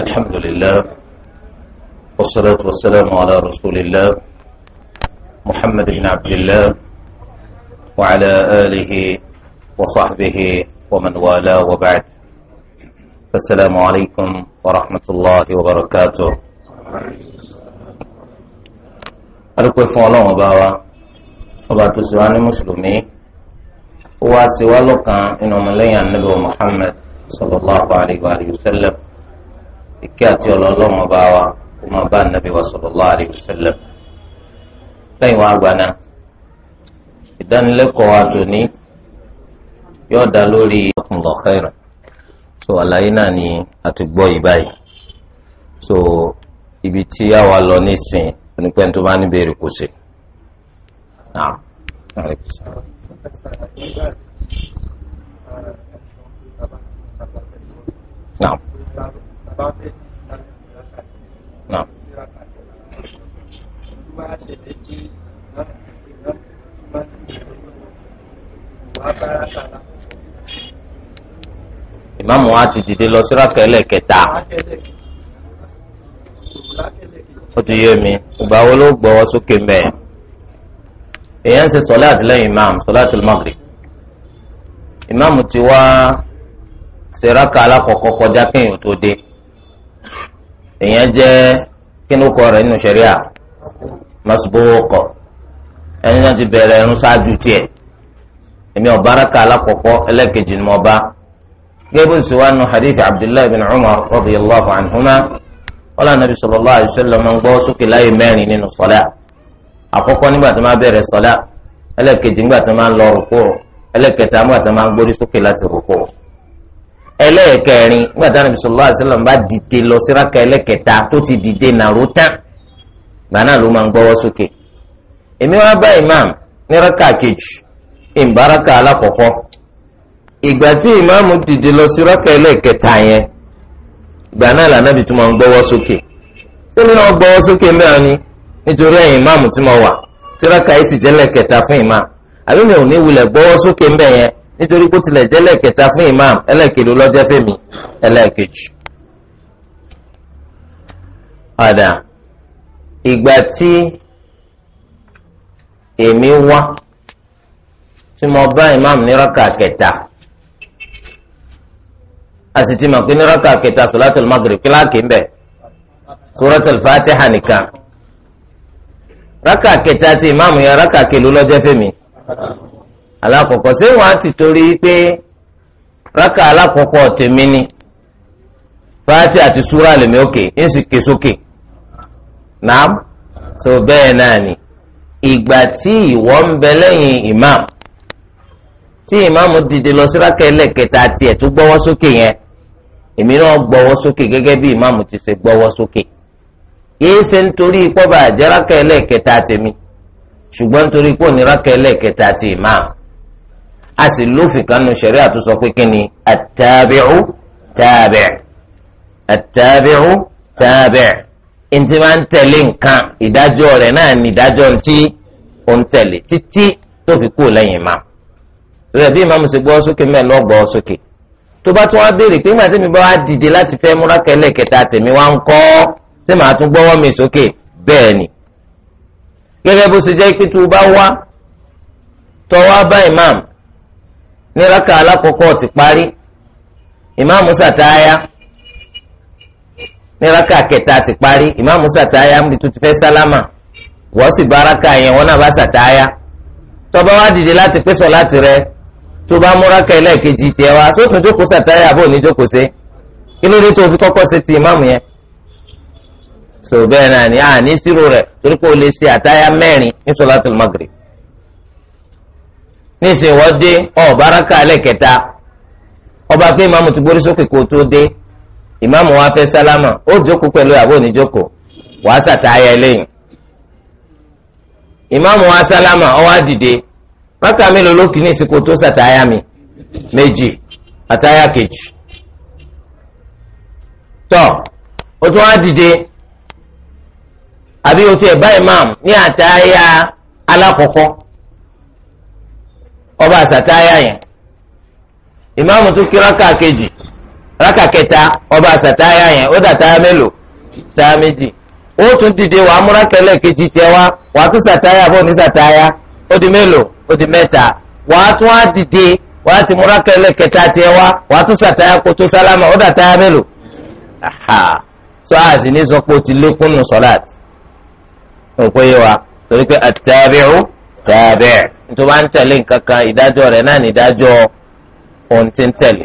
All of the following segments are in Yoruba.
الحمد لله والصلاة والسلام على رسول الله محمد بن عبد الله وعلى آله وصحبه ومن والاه وبعد السلام عليكم ورحمة الله وبركاته أركوا فولون وباوا وباتوا سواني مسلمي واسوا لكم إنهم لين النبي محمد صلى الله عليه وآله وسلم ìkẹ́ àti ọlọ́lọ́mọ bá wa kó máa bá nàbí wa sallallahu alaihi wasallam. lẹ́yìn wá gbaná ìdánilẹ́kọ̀ọ́ àtòní yóò dá lórí ọkùnrin ọ̀kẹ́rẹ̀ so àlàyé náà ni àti gbọ́ yìí báyìí so ibi tí a wà lọ nísìn onípẹ́ tó bá ní kò sí. Now bá fẹ́ náà. ìmáàmù wa ti dìde lọ síraka ẹlẹ́kẹta ó ti yé mi ìgbà wo ló gbọ́wọ́ sókè mbẹ́ èèyàn ń ṣe sọláàtì lẹ́yìn ìmáàmù sọláàtì maghrib ìmáàmù ti wá síraka alákọ̀ọ́kọ́ kọjá kéèyàn tó dé. èèyàn jẹ́ kínúkọ rẹ̀ nínú sẹ̀ríà masbókọ̀ ẹni náà ti bẹ̀rẹ̀ ẹ̀rún ṣáájú tiẹ̀ èmi ọ̀bá rákà alákọ̀ọ́kọ́ ẹlẹ́ẹ̀kejì ni mo bá gẹ́gẹ́ bó ṣe wá hadith abdullahi bin umar radiyallahu anhuma wọ́n anabi sallallahu alayhi wa sallam máa sókè láyé mẹ́rin nínú sọ́lá àkọ́kọ́ nígbà tó máa bẹ̀rẹ̀ nígbà ẹlẹ́ẹ̀kẹrin nígbà tí Ànábì sallallahu alaihi wasallam bá dìde lọ sí rákà ẹlẹ́kẹta tó ti dìde nàró tán gbaná ló máa ń gbọ́wọ́ imam ní rákà kejì ìbáraka alákọ̀ọ́kọ́ ìgbà tí imam dìde lọ sí eleketa ẹlẹ́kẹta yẹn gbaná lànàbì tó máa ń gbọ́wọ́ sókè sẹ́mi náà sókè ni nítorí ẹ̀yìn imam tí mo wà tí imam àbí mi ò ní wulẹ̀ gbọ́wọ́ sókè nítorí kó tilẹ̀ jẹ́ ẹlẹ́kẹta fún imam ẹlẹ́kẹló lọ́jọ́ fẹ́mi ẹlẹ́kejì. padà ìgbà tí èmi wá tí mo bá imam ní rákà kẹta a sì ti mọ̀ pé ní rákà kẹta sọ̀látùl magrib kíláàkì ń bẹ̀ suratul fatiha nìkan rákà kẹta tí imam yẹn raka kẹló lọ́jọ́ fẹ́mi alákọ̀ọ́kọ́ ṣé wọ́n á ti torí pé rákà alákọ̀ọ́kọ́ tèmi ni fàátì àti súrà lèmi òkè ń sì ké sókè nàám so bẹ́ẹ̀ náà ni ìgbà tí ìwọ ń bẹ lẹ́yìn imam tí imam dìde lọ sí rákà ẹlẹ́kẹta tiẹ̀ tó gbọ́wọ́ sókè yẹn èmi náà gbọ́wọ́ sókè gẹ́gẹ́ bí imam ti ṣe gbọ́wọ́ sókè yéé ṣe nítorí ipò bàjẹ́ rákà ẹlẹ́kẹta tèmi ṣùgbọ́n nítorí pò ní rákà ẹlẹ́kẹta ti imam a sì lófin kan nu sẹ̀rí àtúnṣọ pé kí ni àtàbíhù tàbẹ̀ àtàbíhù tàbẹ̀ ntí máa ń tẹ̀lé nǹkan ìdájọ́ rẹ̀ náà ní ìdájọ́ tí ó ń tẹ̀lé títí tó fi kú lẹ́yìn máa rẹ̀ bí ìmáàmù sì gbọ́ sókè mẹ́rin náà gbọ́ sókè tó bá tún wá béèrè pé màá tẹ̀mí bá wá dìde láti fẹ́ múrákẹ́lẹ̀ kẹta tẹ̀mí wá ń kọ́ ṣé màá tún gbọ́wọ́ mi sókè bẹ́ẹ̀ ni gẹ́gẹ́ bó ṣe jẹ́ pé tó bá wá tọ́ wá bá ìmáàmù ní rákà alákọ̀ọ́kọ́ ti parí ìmáàmù sàtáyà ní rákà kẹta ti parí ìmáàmù sàtáyà níbi tó ti fẹ́ sálámà wọ́n sì bá rákà yẹn wọ́n náà bá sàtáyà tó bá wá dìde láti pèsè láti rẹ tó bá mú rákà ẹlẹ́ẹ̀kejì tiẹ̀ wá sótún jókòó sàtáyà àbò ní jókòó sí kí ló dé tó fi kọ́kọ́ ṣe ti ìmáàmù yẹn so bẹ́ẹ̀ náà ni àní sírò rẹ̀ torí pé o lè ṣe àtáyà mẹ́rin ní sọ́látùl magrib níìsín wọ́n dé ọ̀ọ́bá rákà ọba pé ìmáàmù ti borí sókè kó tó dé ìmáàmù wa fẹ́ sálámà ó jókòó pẹ̀lú àbò oníjókòó wàá sàtáyà ẹlẹ́yìn ìmáàmù wa sálámà ó wá rákà mélòó ló kì í níìsín kó tó sàtáyà mi méjì àtáyà kejì tọ́ ó tún wá dìde àbí o tiẹ̀ bá ìmáàmù ní ọba àsàtáyà yẹn ìmáàmù tó kí rákà kejì rákà kẹta ọba àsàtáyà yẹn ó dà táyà mélòó táyà méjì ó tún dìde wàá múra kẹlẹ kejì tiẹ wá wàá tún sàtáyà bó ní sàtáyà ó di mélòó ó di mẹ́ta wàá tún á dìde wàá ti múra kẹlẹ kẹta tiẹ wá wàá tún sàtáyà kó tó sálámà ó dà táyà mélòó aha àti ní sọ ti lékún nù sọláàtì òkú yé wa torí pé àtàbíù tàbíù tó bá ń tẹ̀lé nǹkan kan ìdájọ́ rẹ̀ náà ní ìdájọ́ ohun tí ń tẹ̀lé.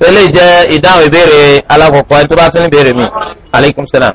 tẹ́lẹ̀ jẹ́ ìdáhùn ìbéèrè alákọ̀ọ́kọ́ ẹni tó bá tún ní ìbéèrè mi aleykum salaam.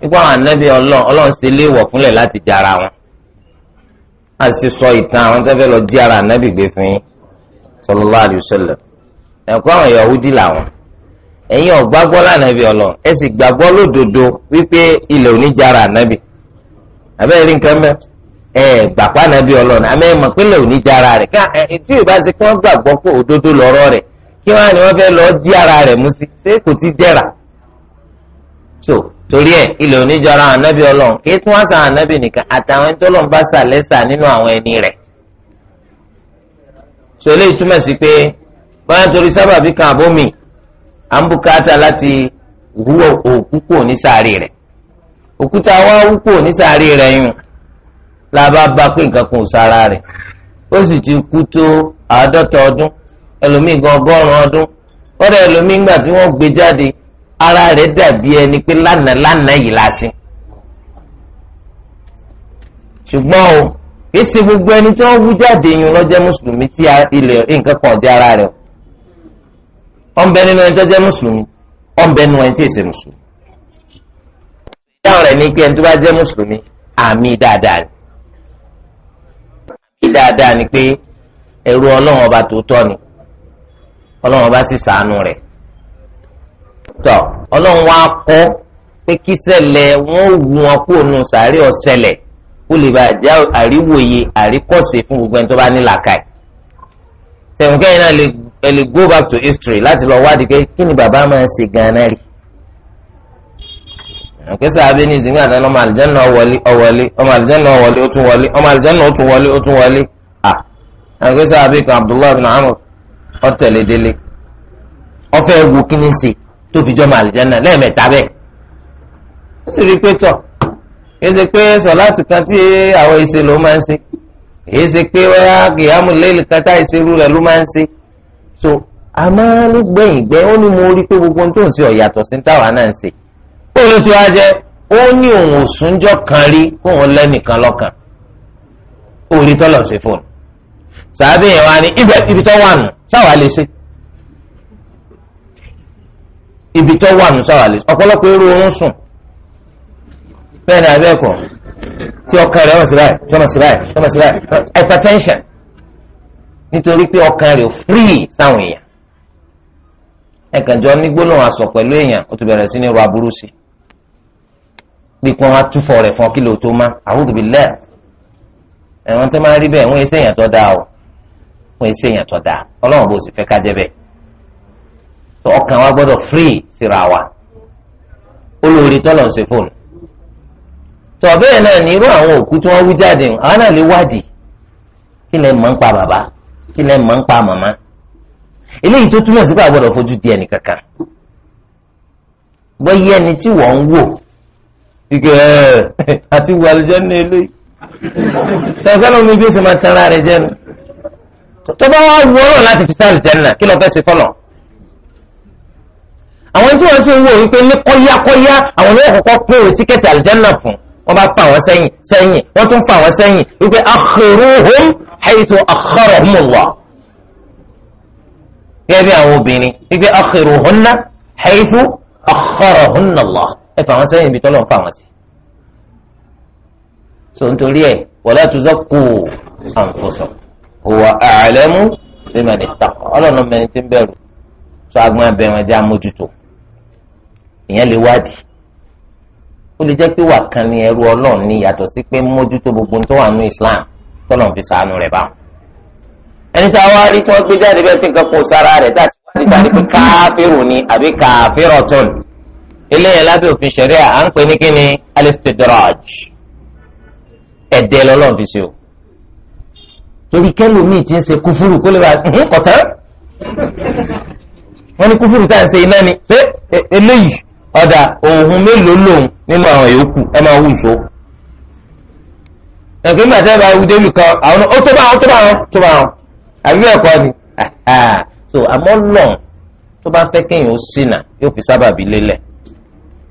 nípa àwọn anábì ọlọ́run ọlọ́run ṣe léèwọ̀ fúnlẹ̀ láti jẹ ara wọn a sì sọ ìtàn àwọn tó lọ jí ara anábì gbé fún yín sallallahu alaihi wasallam ẹ̀kọ́ àwọn Yahudi làwọn ẹ̀yin ò gbàgbọ́ lánàbì ọlọ́run ẹ sì gbàgbọ́ lódodo wípé ilẹ̀ ò ní jẹ ara anábì àbẹ́rẹ́ rí nǹkan mẹ́ ẹ gbàgbọ́ anábì ọlọ́run àmẹ́ mọ̀ pé ilẹ̀ ò ní jẹ ara rẹ̀ ká tí ì ṣe kí wọ́n gbàgbọ́ pé òdodo lọ́rọ̀ rẹ̀ kí wọ́n á ní wọ́n fẹ́ lọ jí ara rẹ̀ mú sí ṣé kò ti jẹ́ra so torí ẹ ilẹ̀ oníjọra ànábì ọlọ́run kí tún wá sa ànábì nìkan àtàwọn ẹni tó lọ́n bá sà lẹ́sà nínú àwọn ẹni rẹ̀ sọlẹ́ ìtumọ̀ sí pé báyọ̀ torí sábàbí kan àbómi à ń bùkátà láti wú òkú kò ní sàárè rẹ̀ òkúta wá wú kò ní sàárè rẹ̀ yùn la bá pé nǹkan kan sára rẹ̀ ó sì ti kú tó àádọ́ta ọdún ẹlòmíì gan ọgọ́rùn-ún ọdún kọ́dà ẹlòmíì ńgbà tí wọ́n gbé jáde ara rẹ̀ dàbí ẹni pé lánàá lánàá yìí lásìn ṣùgbọ́n o kì í ṣe gbogbo ẹni tí wọ́n wú jáde yun lọ́jẹ́ mùsùlùmí tí ilẹ̀ nǹkan kan jẹ́ ara rẹ̀ o ọ̀nbẹ nínú ẹni tó jẹ́ mùsùlùmí ọ̀nbẹ nínú ẹni tí ì ṣe mùsùlùmí. ìdáhùn rẹ̀ ní pé ẹni tó bá jẹ́ mùsùlùmí àmì dáadáa ni àmì dáadáa ni pé ẹrú ọlọ́run ọba tòótọ́ ni ọlọ́run ọba sì ṣàánú rẹ̀ tọ ọlọ́run wa kọ́ pé kí ṣẹlẹ̀ wọ́n wù wọn kú òun sàárẹ̀ ọ̀sẹ̀lẹ̀ kó lè bá jẹ́ àríwòye àríkọ̀sẹ̀ fún gbogbo ẹni tó bá ní làákàyè tẹ̀wọ̀nkẹ́yìn náà ẹ lè go back to history láti lọ wádìí pé kí ni bàbá máa ń ṣe gan-an rí àkẹ́sà abẹ́ni ìsìnkú àtàlẹ́ ọmọ àlìjẹ́nà ọ̀wọ́lé ọ̀wọ́lé ọmọ àlìjẹ́nà ọ̀wọ́lé ó tún wọlé ọmọ àlìjẹ́nà ó tún wọlé ó tún wọlé à àkẹ́sà abẹ́kan Abdullahi bin Amr ọ̀tẹ̀lẹ̀dẹ́lẹ̀ ọ̀fẹ́ ewu kí ni ṣe tó fi jọmọ àlìjánná lẹ́ẹ̀mẹ́ta bẹ́ẹ̀ ó sì rí i pé tọ̀ kìí ṣe pé sọ̀láàtì kan tí àwọn ìṣe ló máa ń ṣe kìí ṣe pé wáyà kìyàmù lẹ́lì kátà ìṣerú rẹ̀ ló máa ń ṣe so àmọ́ ló gbẹ̀yìn gbẹ́ ó ní mo rí pé gbogbo ohun tó ń ṣe ọ̀yàtọ̀ sí táwa náà ń ṣe ó ló ti wá jẹ́ ó ní òun òsúnjọ́ kan rí kó òun lẹ́nìkan lọ́kàn ó rí tọ́lọ̀ ṣe fóònù sàábìyàn ibi tó wà nù sáwà lè ọ̀pọ̀lọpọ̀ irú oorun sùn bẹ́ẹ̀ ni abẹ́ẹ̀kọ́ tí ọkàn rẹ̀ ọmọ sí báyìí ọmọ sí báyìí ọmọ sí báyìí hypertension nítorí pé ọkàn rẹ̀ ò free sáwọn èèyàn ẹ̀kànjọ́ ní gbólóhùn aṣọ pẹ̀lú èèyàn ó ti bẹ̀rẹ̀ sí ní ro aburú sí pípọn atúfọ̀ rẹ̀ fún kílò tó má àhúdùbí lẹ́ẹ̀ ẹ̀wọ̀n tó máa rí bẹ́ẹ̀ wọ́n èsè èèyàn tó dáa wọ́n èsè èèyàn tó dáa ọlọ́run bó sì fẹ́ kájẹ́ bẹ́ẹ̀ tó ọkàn wa gbọ́dọ̀ free síra wa olórí tọ́lọ̀ ń ṣe fóònù tọ́ bẹ́ẹ̀ náà ní irú àwọn òkú tí wọ́n wú jáde àwọn náà lè wádìí kí lẹ́ mọ̀ ń pa bàbá kí lẹ́ mọ̀ ń pa màmá eléyìí tó túmọ̀ sí pé a gbọ́dọ̀ fojú di ẹnì kankan bọ́yí ẹni tí wọ́n ń wò ike ẹ̀ àti wù àlùjọ ní eléyìí sọ̀rọ̀ lómi bí ó sì máa tẹ́ra rẹ̀ jẹ́nu tó bá wá wú láti fi sáà lùjẹ́ nà kí lọ fẹ́ ṣe fọ́lọ̀ àwọn tí wọ́n sì ń wò wípé ní kọ́yákọ́yá àwọn ní ọ̀kọ̀ọ̀kọ́ pé òwe tíkẹ́ẹ̀tì àlìjánà fún wọ́n bá fà wọ́n sẹ́yìn sẹ́yìn wọ́n tún fà wọ́n sẹ́yìn wípé akhiruhum haythu akharahumullah gẹ́gẹ́ bí àwọn obìnrin wípé akhiruhunna haythu akharahumullah ẹ fà wọ́n sẹ́yìn ibi tọ́lọ́ ń fà wọ́n sí. so nítorí ẹ wala tuzakku anfusakum huwa a'lamu biman ittaqa ọlọ́run mẹ́rin ti ń bẹ̀rù tó agbọ́n abẹ́rẹ́ jẹ́ amójútó èèyàn lè wádìí ó lè jẹ́ pé wà kan ní ẹrú ọlọ́run ní yàtọ̀ sí pé mójútó gbogbo tó wà ní islam tọ́lọ̀ fi sànù rẹ̀ bá wọn. ẹni tí a wá rí tí wọ́n gbé jáde bẹ́ẹ̀ tí nǹkan kò sára rẹ̀ tá a sì wádìí bá rí pé káfíìrù ni àbí káfíìrọ̀ tọ́lù eléyìí lábẹ́ òfin ṣẹ̀ríà à ń pè ní kíni alistidraj ẹ̀dẹ́ lọ́lọ́run fi ṣe o torí kẹ́lòmíì ti ń ṣe kúfúrú kó lè bá kọ̀tán wọ́n ní kúfúrú tá ń ṣe iná ni e, eléyìí ọ̀dà òun mélòó lòun nínú àwọn yòókù ẹ máa wù ìṣó. ẹ̀kọ́ ọ tí bá wù débi kan àwọn ó tó bá wọn tó bá wọn tó bá wọn àbí ni so àmọ́ lọ́n tó bá fẹ́ kéèyàn ó ṣìnà yóò fi sábàbí lélẹ̀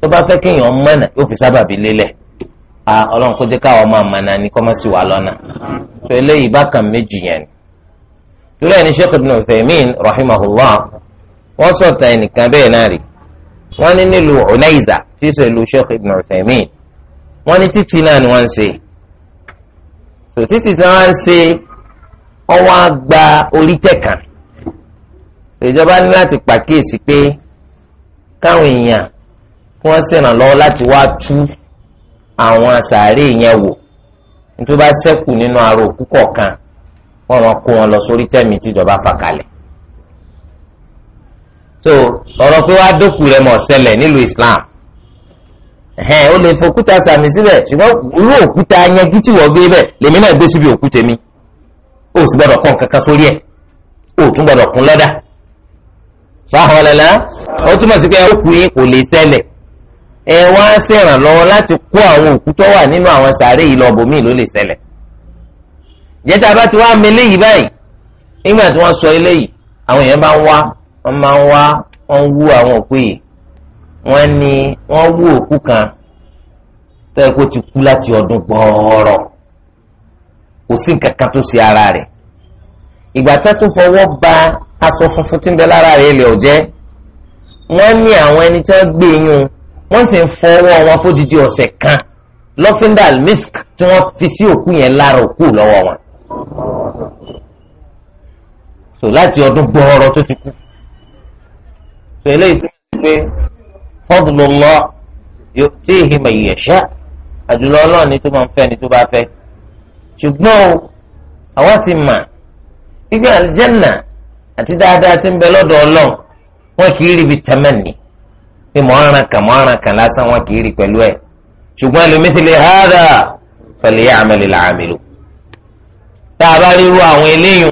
tó bá fẹ́ kéèyàn ó mọ̀nà yóò fi lélẹ̀ ọlọ́run kó jẹ́ káwọn so eléyìí bákan méjì wọ́n ẹnìkan bẹ́ẹ̀ náà wọ́n ní nílùú Unaiza tí í ṣe ìlú Sheikh Ibn Uthaymin wọ́n ní títì náà ni wọ́n ń ṣe so títì tí wọ́n ń ṣe ọwọ́ àgbà orí tẹ̀kàn ìjọba ní láti pàkíyèsí pé káwọn èèyàn kí wọ́n ṣèrànlọ́wọ́ láti wá tú àwọn sàárè yẹn wò nítorí bá ṣẹ́kù nínú ara òkú kọ̀ọ̀kan wọ́n wọn kó wọn lọ sórí tẹ̀mí tíjọba fà kalẹ̀ so ọ̀rọ̀ pé wàá dókù rẹ̀ mọ̀ sẹlẹ̀ nílùú Islam ẹ̀hẹ́n o lè fòkúta sàmì síbẹ̀ ṣùgbọ́n irú òkúta yanjú tí wọ́n gbé bẹ̀ lèmi náà gbé síbi òkúta mi O sì gbọ́dọ̀ kọ́ nǹkan kan sórí ẹ̀ tún gbọ́dọ̀ kún lọ́dà fáwọn ọ̀lẹ́lá sí pé kò lè ẹ wá ṣèrànlọ́wọ́ láti kó àwọn wà nínú àwọn sàárè yìí ló lè jẹ́ta bá sọ wọ́n máa ń wá wọ́n wú àwọn òkú yìí wọ́n ní wọ́n wú òkú kan tó yẹ kó ti kú láti ọdún gbọ́ọ̀rọ̀ kò sí nǹkan kan tó ṣe ara rẹ̀ ìgbà tá tó fọwọ́ ba aṣọ funfun tí ń bẹ lára rẹ̀ lè ọ̀jẹ́ wọ́n ní àwọn ẹni tí wọ́n gbé yún wọ́n sì ń fọwọ́ wọn fódìdí ọ̀sẹ̀ kan lọ́fíndàl misk tí wọ́n fi sí òkú yẹn lára òkú lọ́wọ́ wọn so láti ọdún gbọ́ọ̀rọ̀ tó ti kú pẹ̀lẹ́ ìtumọ̀ pé fadlullah yu'tihi man yasha àjùlọ ọlọ́run ni tó máa ń fẹ́ ni tó bá fẹ́ ṣùgbọ́n àwa ti mà gbígbé àlìjẹ́nà àti dáadáa ti ń bẹ lọ́dọ̀ ọlọ́run wọn kì í rí ibi tẹ́mẹ̀nì pé mọ̀ ọ́ràn kan mọ̀ ọ́ràn kan lásán wọn kì í rí pẹ̀lú ẹ̀ ṣùgbọ́n li mithli hadha falya'malil 'amilun tá a bá rí irú àwọn eléyìí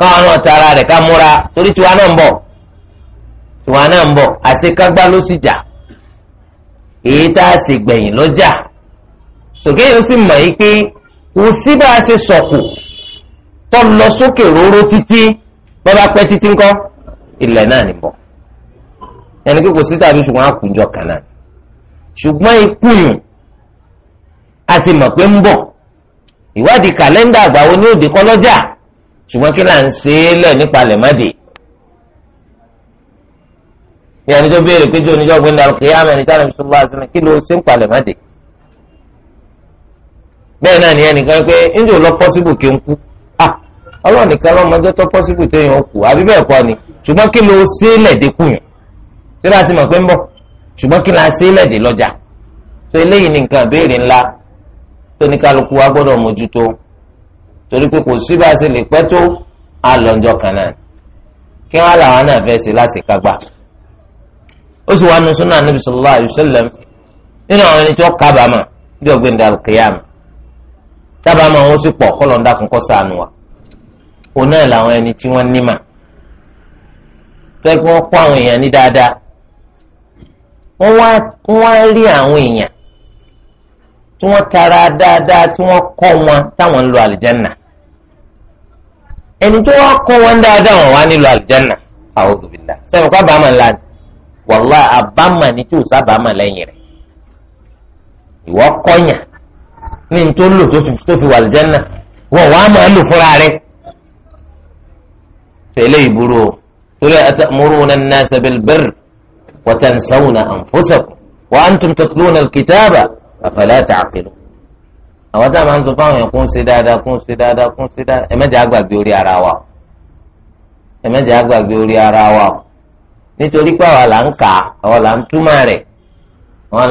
káwọn náà tara rẹ̀ ká múra torí tiwa náà ń bọ̀ ìwà náà ń bọ̀ àṣekágbá ló sì jà èyí tá a sì gbẹ̀yìn ló jà sòkè yóò sì mọ̀ yìí pé kò sí bá a ṣe sọ̀kù tó lọ sókè róró títí bọ́lá pẹ́ títí ńkọ́ ilẹ̀ náà ní ẹni pé kò sí tàbí ṣùgbọ́n àkùnjọ kan náà ṣùgbọ́n ikùnù a ti mọ̀ pé ń bọ̀ ìwádìí kàlẹ́ńdà àgbáwo ní òde kọ́ lọ́jà ṣùgbọ́n kí là ń ṣe é lẹ̀ nípa lẹ̀mọ́dé ìyàní tó béèrè pé jọ oníjọ́ gbé ndàlù kìí àmì ẹ̀nìjà nàbì sọlá àṣìlẹ̀ kí ló ṣe ń palẹ̀ má dé. náà nìyẹn nìkan pé njò lọ pọ́sibù kí n kú ọlọ́run nìkan tó téèyàn kú àbí ni kí ló ṣe la ṣe tó eléyìí nìkan béèrè ńlá tó ní kálukú wa mójútó torí pé kò sí bá a ṣe lè pẹ́ tó kan ó sì wá nu súnà Ànábì sallallahu alayhi wa sallam nínú àwọn ẹni tí wọ́n kábàámà bí ọ̀gbìn dàrú kìyàm kábàámà wọn sì pọ̀ kọ́ lọ́n dákun kọ́ sànù wa òun náà làwọn ẹni tí wọ́n nímà fẹ́ kí wọ́n kó àwọn èèyàn ní dáadáa wọ́n wá rí àwọn èèyàn tí wọ́n tara dáadáa tí wọ́n kọ́ wọn táwọn ń lo àlìjánà ẹni tí wọ́n kọ́ wọn dáadáa wọn wá nílò àlìjánà a'udhu billah sẹ́mi kọ́ bàá máa ń wàlá àbámà ni tí ò sábàámà lẹ́yìn rẹ̀ ìwọ kọ́nyà ní n tó lò tó fi wà lìjẹ́nà wọ́n wàá máa lò fúnra rẹ̀ tẹ̀lé ìbúrò torí atamuruna an-nasa bil birri wa tansawna anfusakum wa antum tatluna al-kitaba afala ta'qilun àwọn tá máa ń sọ fáwọn yẹn kún sí dáadáa kún sí dáadáa kún sí dáadáa ẹ̀mẹ́jẹ̀ àgbàgbé orí ara wa ẹ̀mẹ́jẹ̀ àgbàgbé orí ara wa nítorí pé àwa là ń kà àwa là ń túmọ̀ rẹ̀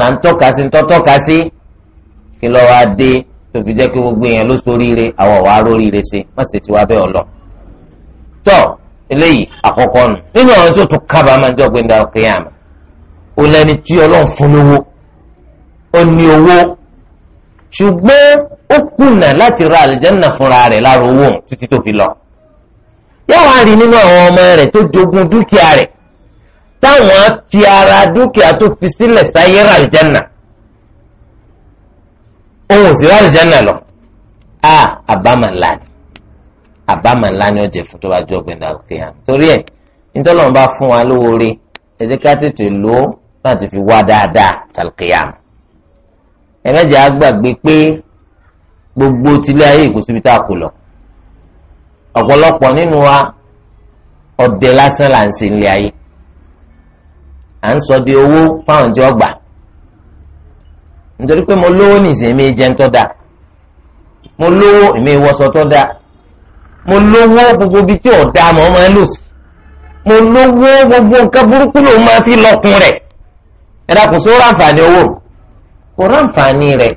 là ń tọ́ka sí ń tọ́tọ́ka sí kí lọ́ wa dé tó fi gbogbo ló sí má sì ti wá ọlọ. tọ́ eléyìí àkọ́kọ́ nù nínú àwọn tó tún ń àmà ó lẹ́ni tí ọlọ́run fún lówó ó ní owó ṣùgbọ́n ó kùnà láti ra àlìjẹ́nà fúnra rẹ̀ lọ. yóò wá rí nínú àwọn ọmọ rẹ̀ tó jogún dúkìá táwọn ti ara dúkìá tó fi sílẹ̀ sáyé ra àlìjánà ohun sì ra àlìjánà lọ a àbámà ńlá ni àbámà ńlá ni ó jẹ fún tó bá jọ ọgbìn àlùkìyà torí ẹ nítọ́lọ́run bá fún wa lówó rí ẹ jẹ́ ká tètè lò ó láti fi wá dáadáa tàlùkìyà ẹlẹ́jà àgbàgbé pé gbogbo tilé ayé ìkùsùbí tá a kò lọ ọ̀pọ̀lọpọ̀ nínú wa ọ̀dẹ̀ lásán là ń ṣe nílé ayé à ń sọ di owó fáwọn tí wọ́n gbà nítorí pé mo lówó nìsín mi jẹun tó dáa mo lówó èmi ìwọṣọ tó dáa mo lówó gbogbo ibi tí ò mọ́ máa lò sí mo lówó gbogbo nǹkan burúkú lòun máa fi lọ́kùn rẹ̀ ẹ̀dá kò sóró àǹfààní owó kò ráǹfààní rẹ̀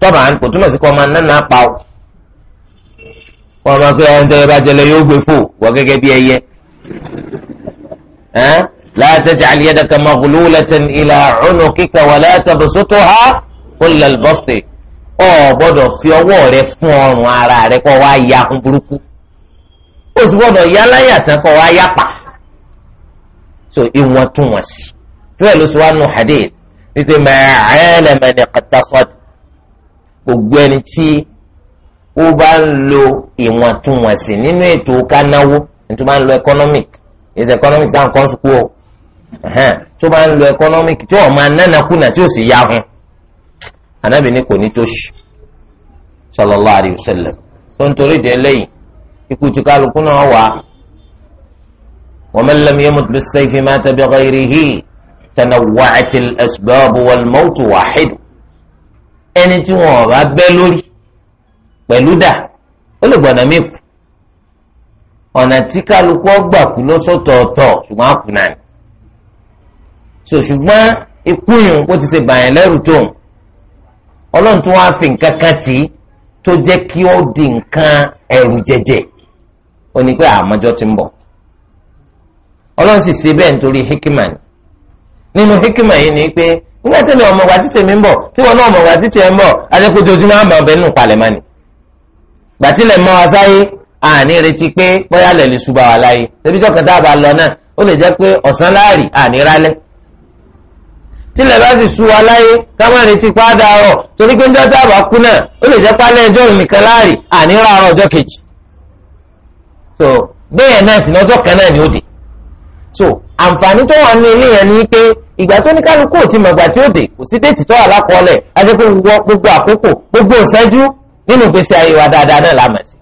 tọ́ba à ń kò túmọ̀ sí kọ́ máa nánà pa ọ́ kọ́ la taj'al yadaka maghlulatan ila 'unuqika wa la tabsutha kullal basti ọ gbọ́dọ̀ fi ọwọ́ rẹ fún ọrùn ara rẹ kó wá ya kún burúkú ó sì gbọ́dọ̀ ya láyà tán kó wá ya pa so ìwọ̀ntúnwọ̀nsì tí wọ́n lọ sí wa nù hadith wípé ma'ala man iqtasad gbogbo ẹni tí ó bá ń lo ìwọ̀ntúnwọ̀nsì nínú ètò kánáwó nítorí wọ́n máa ń lo economic is economic down kan sùkú o tó bá ń lo economic tí wọn máa nánakúnà tí ó sì yá hun anábì ní kò ní tó ṣì sallallahu alayhi wa sallam tó ń torí dé lẹ́yìn ikú tí kálukú náà wà wa man lam yamut bis-sayfi mata bi-ghayrihi tanawwa'at al-asbab wal-mawtu wahid ẹni tí wọn bá bẹ́ lórí pẹ̀lú dà ó lè gbọ́dọ̀ mí kù ọ̀nà tí kálukú ọgbà kú lọ́sọ̀tọ̀ọ̀tọ̀ ṣùgbọ́n àkùnà ni so ṣùgbọ́n ikú yìí kó ti ṣe bàyàn lẹ́rù tó ọlọ́run tó wáá fi nǹkan kan tì í tó jẹ́ kí ó di nǹkan ẹ̀rù jẹjẹ ó ní pé àmọ́jọ́ ti ń bọ̀ ọlọ́run sì ṣe bẹ́ẹ̀ nítorí hikima ni nínú hikima yìí ni pé nígbà tí mi ọmọ wa títì mi ń bọ̀ tí wọn náà ọmọ wa títì ẹ ń bọ̀ adékòjò ojúmọ́ àmọ́ ọbẹ̀ nù palẹ̀mọ́ gbàtílẹ̀ mọ́ wa àní retí pé bóyá lẹ̀ lè ṣùgbọ́n wa láyé tẹbíjọ́ kan tá lọ náà ó lè jẹ́ pé ọ̀sán láàrì àní rálẹ̀ tílẹ̀ bá sì sú wa láyé kámánì ti pa á da ọ̀ torí pé níjọ́ tá a bá kú náà ó lè jẹ́ pálẹ̀ ẹjọ́ nìkan láàrì àníra ara ọjọ́ kejì so bẹ́ẹ̀ náà sì lọ́jọ́ kan náà ni ó dé so àǹfààní tó wà ní ilé yẹn ni pé ìgbà tó ní kálukú ò ti mọ̀gbà tí ó dé kò sí déètì tó wà lákọọ́lẹ̀ ajẹ́ pé wọ gbogbo àkókò gbogbo ìṣẹ́jú nínú ìgbésí ayé wa dáadáa náà láàmà sí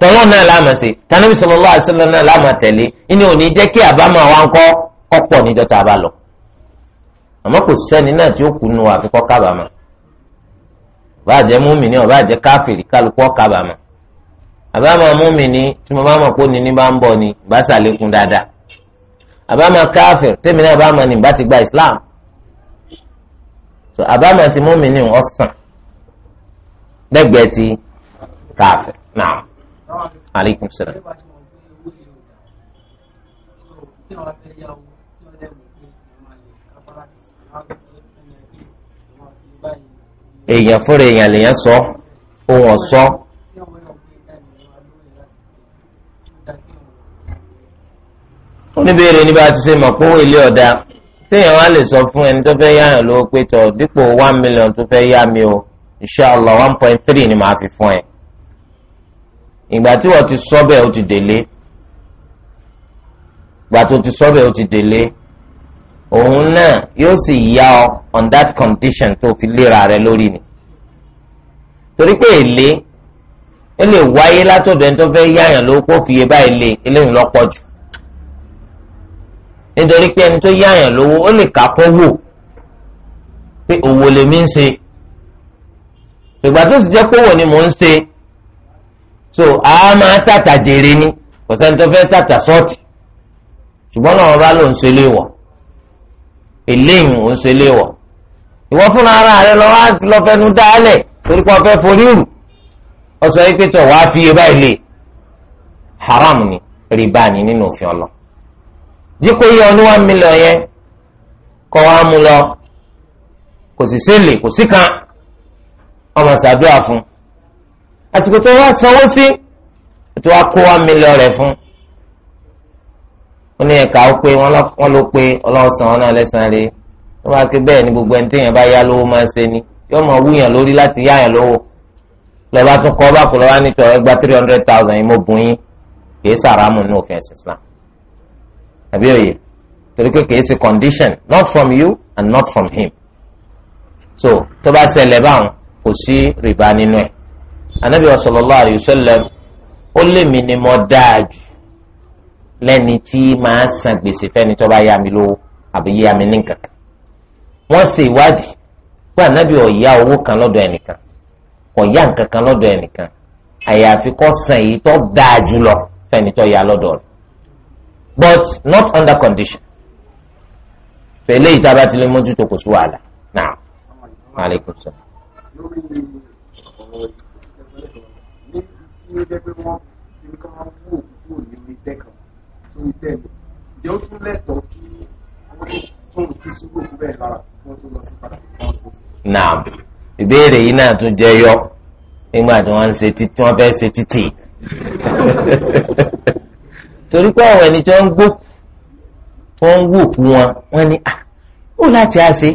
tọ́lọ́ náà láàmà sí tànàbí sallallahu náà láàmà tẹ̀lé ìní ò jẹ́ kí àbámọ̀ wa ń kọ́pọ̀ níjọ́ tá a bá lọ àmọ́ kò sẹ́ni náà tí ó kú nu àfikọ́ kábàámọ̀ bá jẹ́ múmìnì ó bá jẹ́ káfìrí kálukú kábàámọ̀ àbámọ̀ múmìnì tí mo bá mọ̀ kó ni ní bá ń bọ̀ ni bá sàlékún dáadáa àbámọ̀ káfìrí tèmi náà bá mọ̀ ni bá ti gba Islam so àbámọ̀ ti múmìnì ọ̀sán lẹ́gbẹ̀ẹ́ ti káfìrí náà aleykum salaam èèyàn fúnra èèyàn lèèyàn sọ ohun ọ̀sọ́. oníbèrè ní bá a ti ṣe mọ̀ pé owó ilé ọ̀dà séèyàn wá lè sọ fún ẹni tó fẹ́ yáyàn lówó pé tọ̀ dípò one million tó fẹ́ yá mi o inshallah one point three ni màá fi fún ẹ. ìgbà tí wọ́n ti sọ bẹ́ẹ̀ ó ti délé ìgbà tó ti sọ bẹ́ẹ̀ ó ti délé òun náà yóò sì yá ọ on that condition tó fi léra rẹ lórí ni torí pé èlé ó lè wáyé látọ̀dọ̀ ẹni tó fẹ́ yáyàn ló kó fi ebá èlé eléyìí lọ́pọ̀ jù nítorí pé ẹni tó yáyàn lówó ó lè kápọ́ wò pé òwò lèmi ń ṣe ìgbà tó sì jẹ́ pé ni mò ń ṣe so a máa tàtà jèrè ni kò sẹ́ni tó fẹ́ tàtà sọ́ọ̀tì ṣùgbọ́n náà wọ́n bá lòun ṣe léwọ̀n eléyìí ò ń ṣe léwọ̀ ìwọ fúnra ara rẹ lọ wá lọ fẹnu dálẹ̀ torí pé ọfẹ forí rù ọsọ yìí pé tọ wàá fi yé báyìí lè haram ni rìbá ni nínú òfin ọlọ jíkó yẹ ọ ní one million yẹn kọ wá mú lọ kò sì séèlè kò sí kan ọmọ ṣàdúrà fún àsìkò tó wá sanwó sí ètò wa kó one million rẹ fún ó ní ẹ̀ka ó pé wọ́n ló pé ọlọ́sàn ọ̀nà lẹ́sàn rẹ̀ wọ́n bá ké bẹ́ẹ̀ ni gbogbo ẹni téèyàn bá yá lówó máa ṣe ni yóò mọ̀ wúyàn lórí láti yá yàn lówó lọ́ba tún kọ́ bá kú lọ́wọ́ nítọ̀ ẹgbà three hundred thousand yìí mo bùn yín kì í sàrámù ní òfin ẹ̀sìn Islam àbí òye torí pé kì í ṣe condition not from you and not from him so tó bá ṣẹlẹ̀ báwọn kò sí rìbá nínú ẹ̀ Ànábì sallallahu alayhi wa sallam ó lé mi ni mo dáa jù lẹ́ni tí máa san gbèsè fẹ́ni tó bá yá mi lówó àbí yá mi ní kankan wọ́n ṣe ìwádìí pé ànábì ọ̀yá owó kan lọ́dọ̀ ẹnìkan kò yá nǹkan kan lọ́dọ̀ ẹnìkan àyàfi kó san èyí tó dáa jùlọ fẹ́ni tó yá lọ́dọ̀ rẹ̀ but not under condition fèlè ìtaba ti lè mójútó kò sí wàhálà náà maaleykum salaam. lórí ọ̀rọ̀ ìṣẹ́sọ́lẹ̀ kan tí ó jẹ́ pé wọ́n ti ń wò kúrò níbi tẹ́kọ̀ọ́ sórí bẹ́ẹ̀ ǹjẹ́ ó tún lẹ́tọ̀ọ́ kí wọ́n tún kí sùúrù kú bẹ́ẹ̀ lára wọ́n tún lọ sí padà náà ìbéèrè yìí náà tún jẹ yọ nígbà tí wọ́n ń ṣe títí wọ́n fẹ́ẹ́ ṣe títì torí pé àwọn ẹni tí wọ́n ń gbó wọ́n ń wò kú wọn wọ́n ní à ah, ó láti á ṣe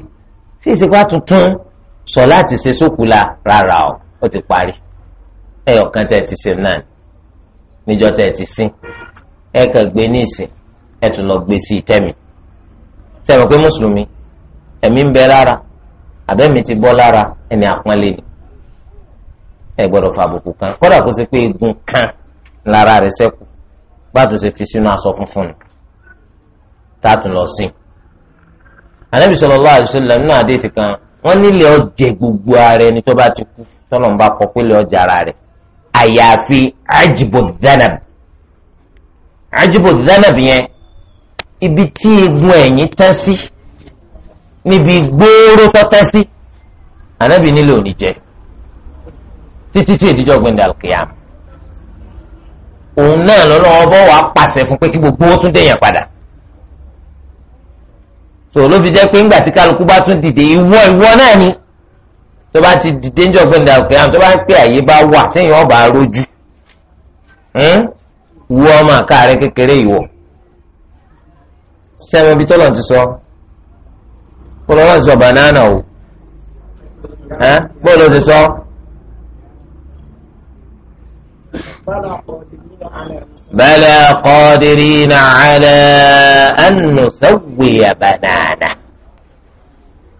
sí ìsìnkú àtúntún sọ láti ṣe sókùlà rárá o ó ti parí ẹyọ kan tẹ́ ti ṣe náà níjọ́ tẹ́ ti sìn. ẹ gbe gbé ní ìsìn ẹ tún lọ gbé sí ìtẹ́mi sẹ́wọ̀n pé mùsùlùmí ẹ̀mí ń bẹ lára àbẹ́mi ti bọ́ lára ẹni àpọ́nlé ni ẹ gbọ́dọ̀ kan kódà kó pé egun kan lára rẹ̀ sẹ́kù gbàtò fi sínú aṣọ funfun ni tààtù lọ sí. ànábì sallallahu nínú kan wọ́n nílẹ̀ ọ̀jẹ̀ gbogbo ara ẹni tó bá ti kú tọ́lọ̀ ń bá ọjà àjìbò zanab yẹn ibi tí egun ẹ̀yìn tán sí níbi gbóòrò tọ́tán sí ànábì nílò òní jẹ títí tí ìdíjọ́ gbẹ̀ndẹ̀ alkiyam òun náà lọ́lọ́wọ́ bọ́ wàá pàṣẹ fún pé kí gbogbo ó tún dẹ̀yàn padà so ló fi jẹ́ pé ńgbà tí kálukú bá tún dìde ìwọ ìwọ náà ni tó bá ti dìde ńjọ́ gbẹ̀ndẹ̀ alkiyam tó bá ń pè àyè bá wà téèyàn ọba rojú hmm? wú ọmọ àkàrẹ kékeré ìwọ sẹ́mi ibi tọ́lọ̀ ti sọ banana o ẹ́ bọ́ọ̀lù ti sọ. bala na ala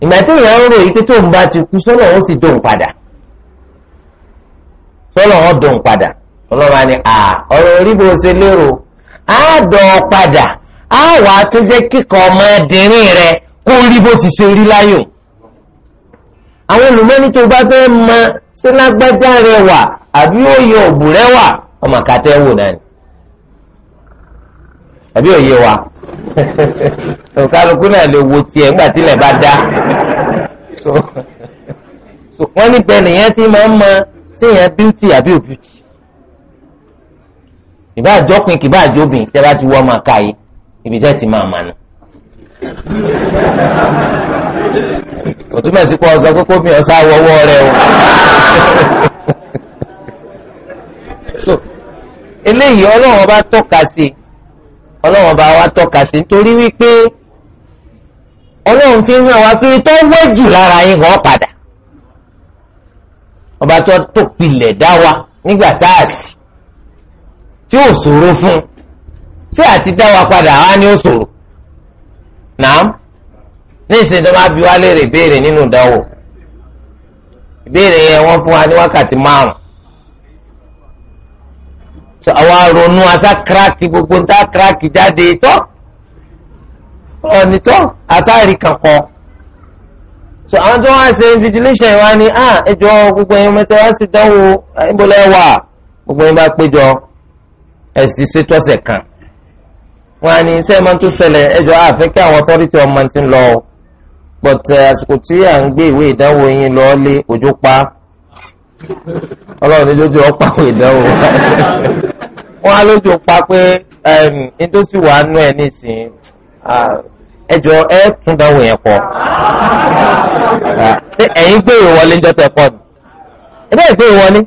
banana ìgbà tí ìyá ń rò yìí tó ń bá ti kú ó sì dùn padà. ọlọ́wà ni à ọ̀rọ̀ orí bó ṣe lérò á dọ̀ ọ́ padà á wàá tó jẹ́ kíkọ ọmọdérín rẹ kó rí bó ti ṣe rí láyò àwọn olùmọ́ni tó bá fẹ́ mọ sí lágbájá rẹ wà àbí òye òbù rẹ wà ọmọ àkàtẹ́ wò náà ni àbí òye wa òkàlùkù náà lè wo tiẹ̀ nígbà tílẹ̀ bá dá wọ́n ní bẹ́ẹ̀ nìyẹn tí máa ń mọ sí èèyàn bíútì àbí òbíútì ìbá àjọpin kìbá àjọbìn tẹ́ bá ti wọ́ máa ká yìí ibi tẹ́ ti máa mànà. òtúmọ̀ sí pé ọ̀sán kókó mi ọ̀sán àwọ̀wọ́ rẹ o. so eléyìí ọlọ́run bá tọ́ka sí ọlọ́run bá wa tọ́ka sí nítorí wípé ọlọ́run fi hàn wá pé tó wẹ́ jù lára yín kan padà ọba tó tó pilẹ̀ dá wa nígbà tá a sì. tí ò ṣòro fún ṣé àti dá wa padà wá ní ó ṣòro nàám ní ìsìn tó máa bi wá léèrè béèrè nínú ìdánwò ìbéèrè yẹn wọ́n fún wa ní wákàtí márùn àwa ronú asá kíráàkì gbogbo ń tá kíráàkì jáde tọ́ ọ̀nìtọ́ asáàrí kankan so àwọn tó wá ṣe invigilation wa ni ah ẹjọ́ gbogbo ẹ̀yin mẹ́ta wá sí ìdánwò ìbọ̀lẹ́ wà gbogbo bá ẹ̀sì ṣètọ́sẹ̀ kan wọn á ní sẹ́ẹ̀ máa ń tún ṣẹlẹ̀ ẹjọ́ àfẹ́ kí àwọn authority ọmọ ti ń lọ but eh, àsìkò tí à ń gbé ìwé ìdánwò yín lọ lé òjò pa ọlọ́run ní lójú ọ̀pá àwọn ìdánwò wọn á lójú pa pé ehm, ní tó sì wàá nú ẹ nísìnyí ẹjọ́ ẹ tún dánwò yẹn pọ̀ ṣé ẹ̀yin gbé ìwọlé ń jọ́tẹ̀ pọ̀ ni ẹ bẹ́ẹ̀ gbé ìwọlé.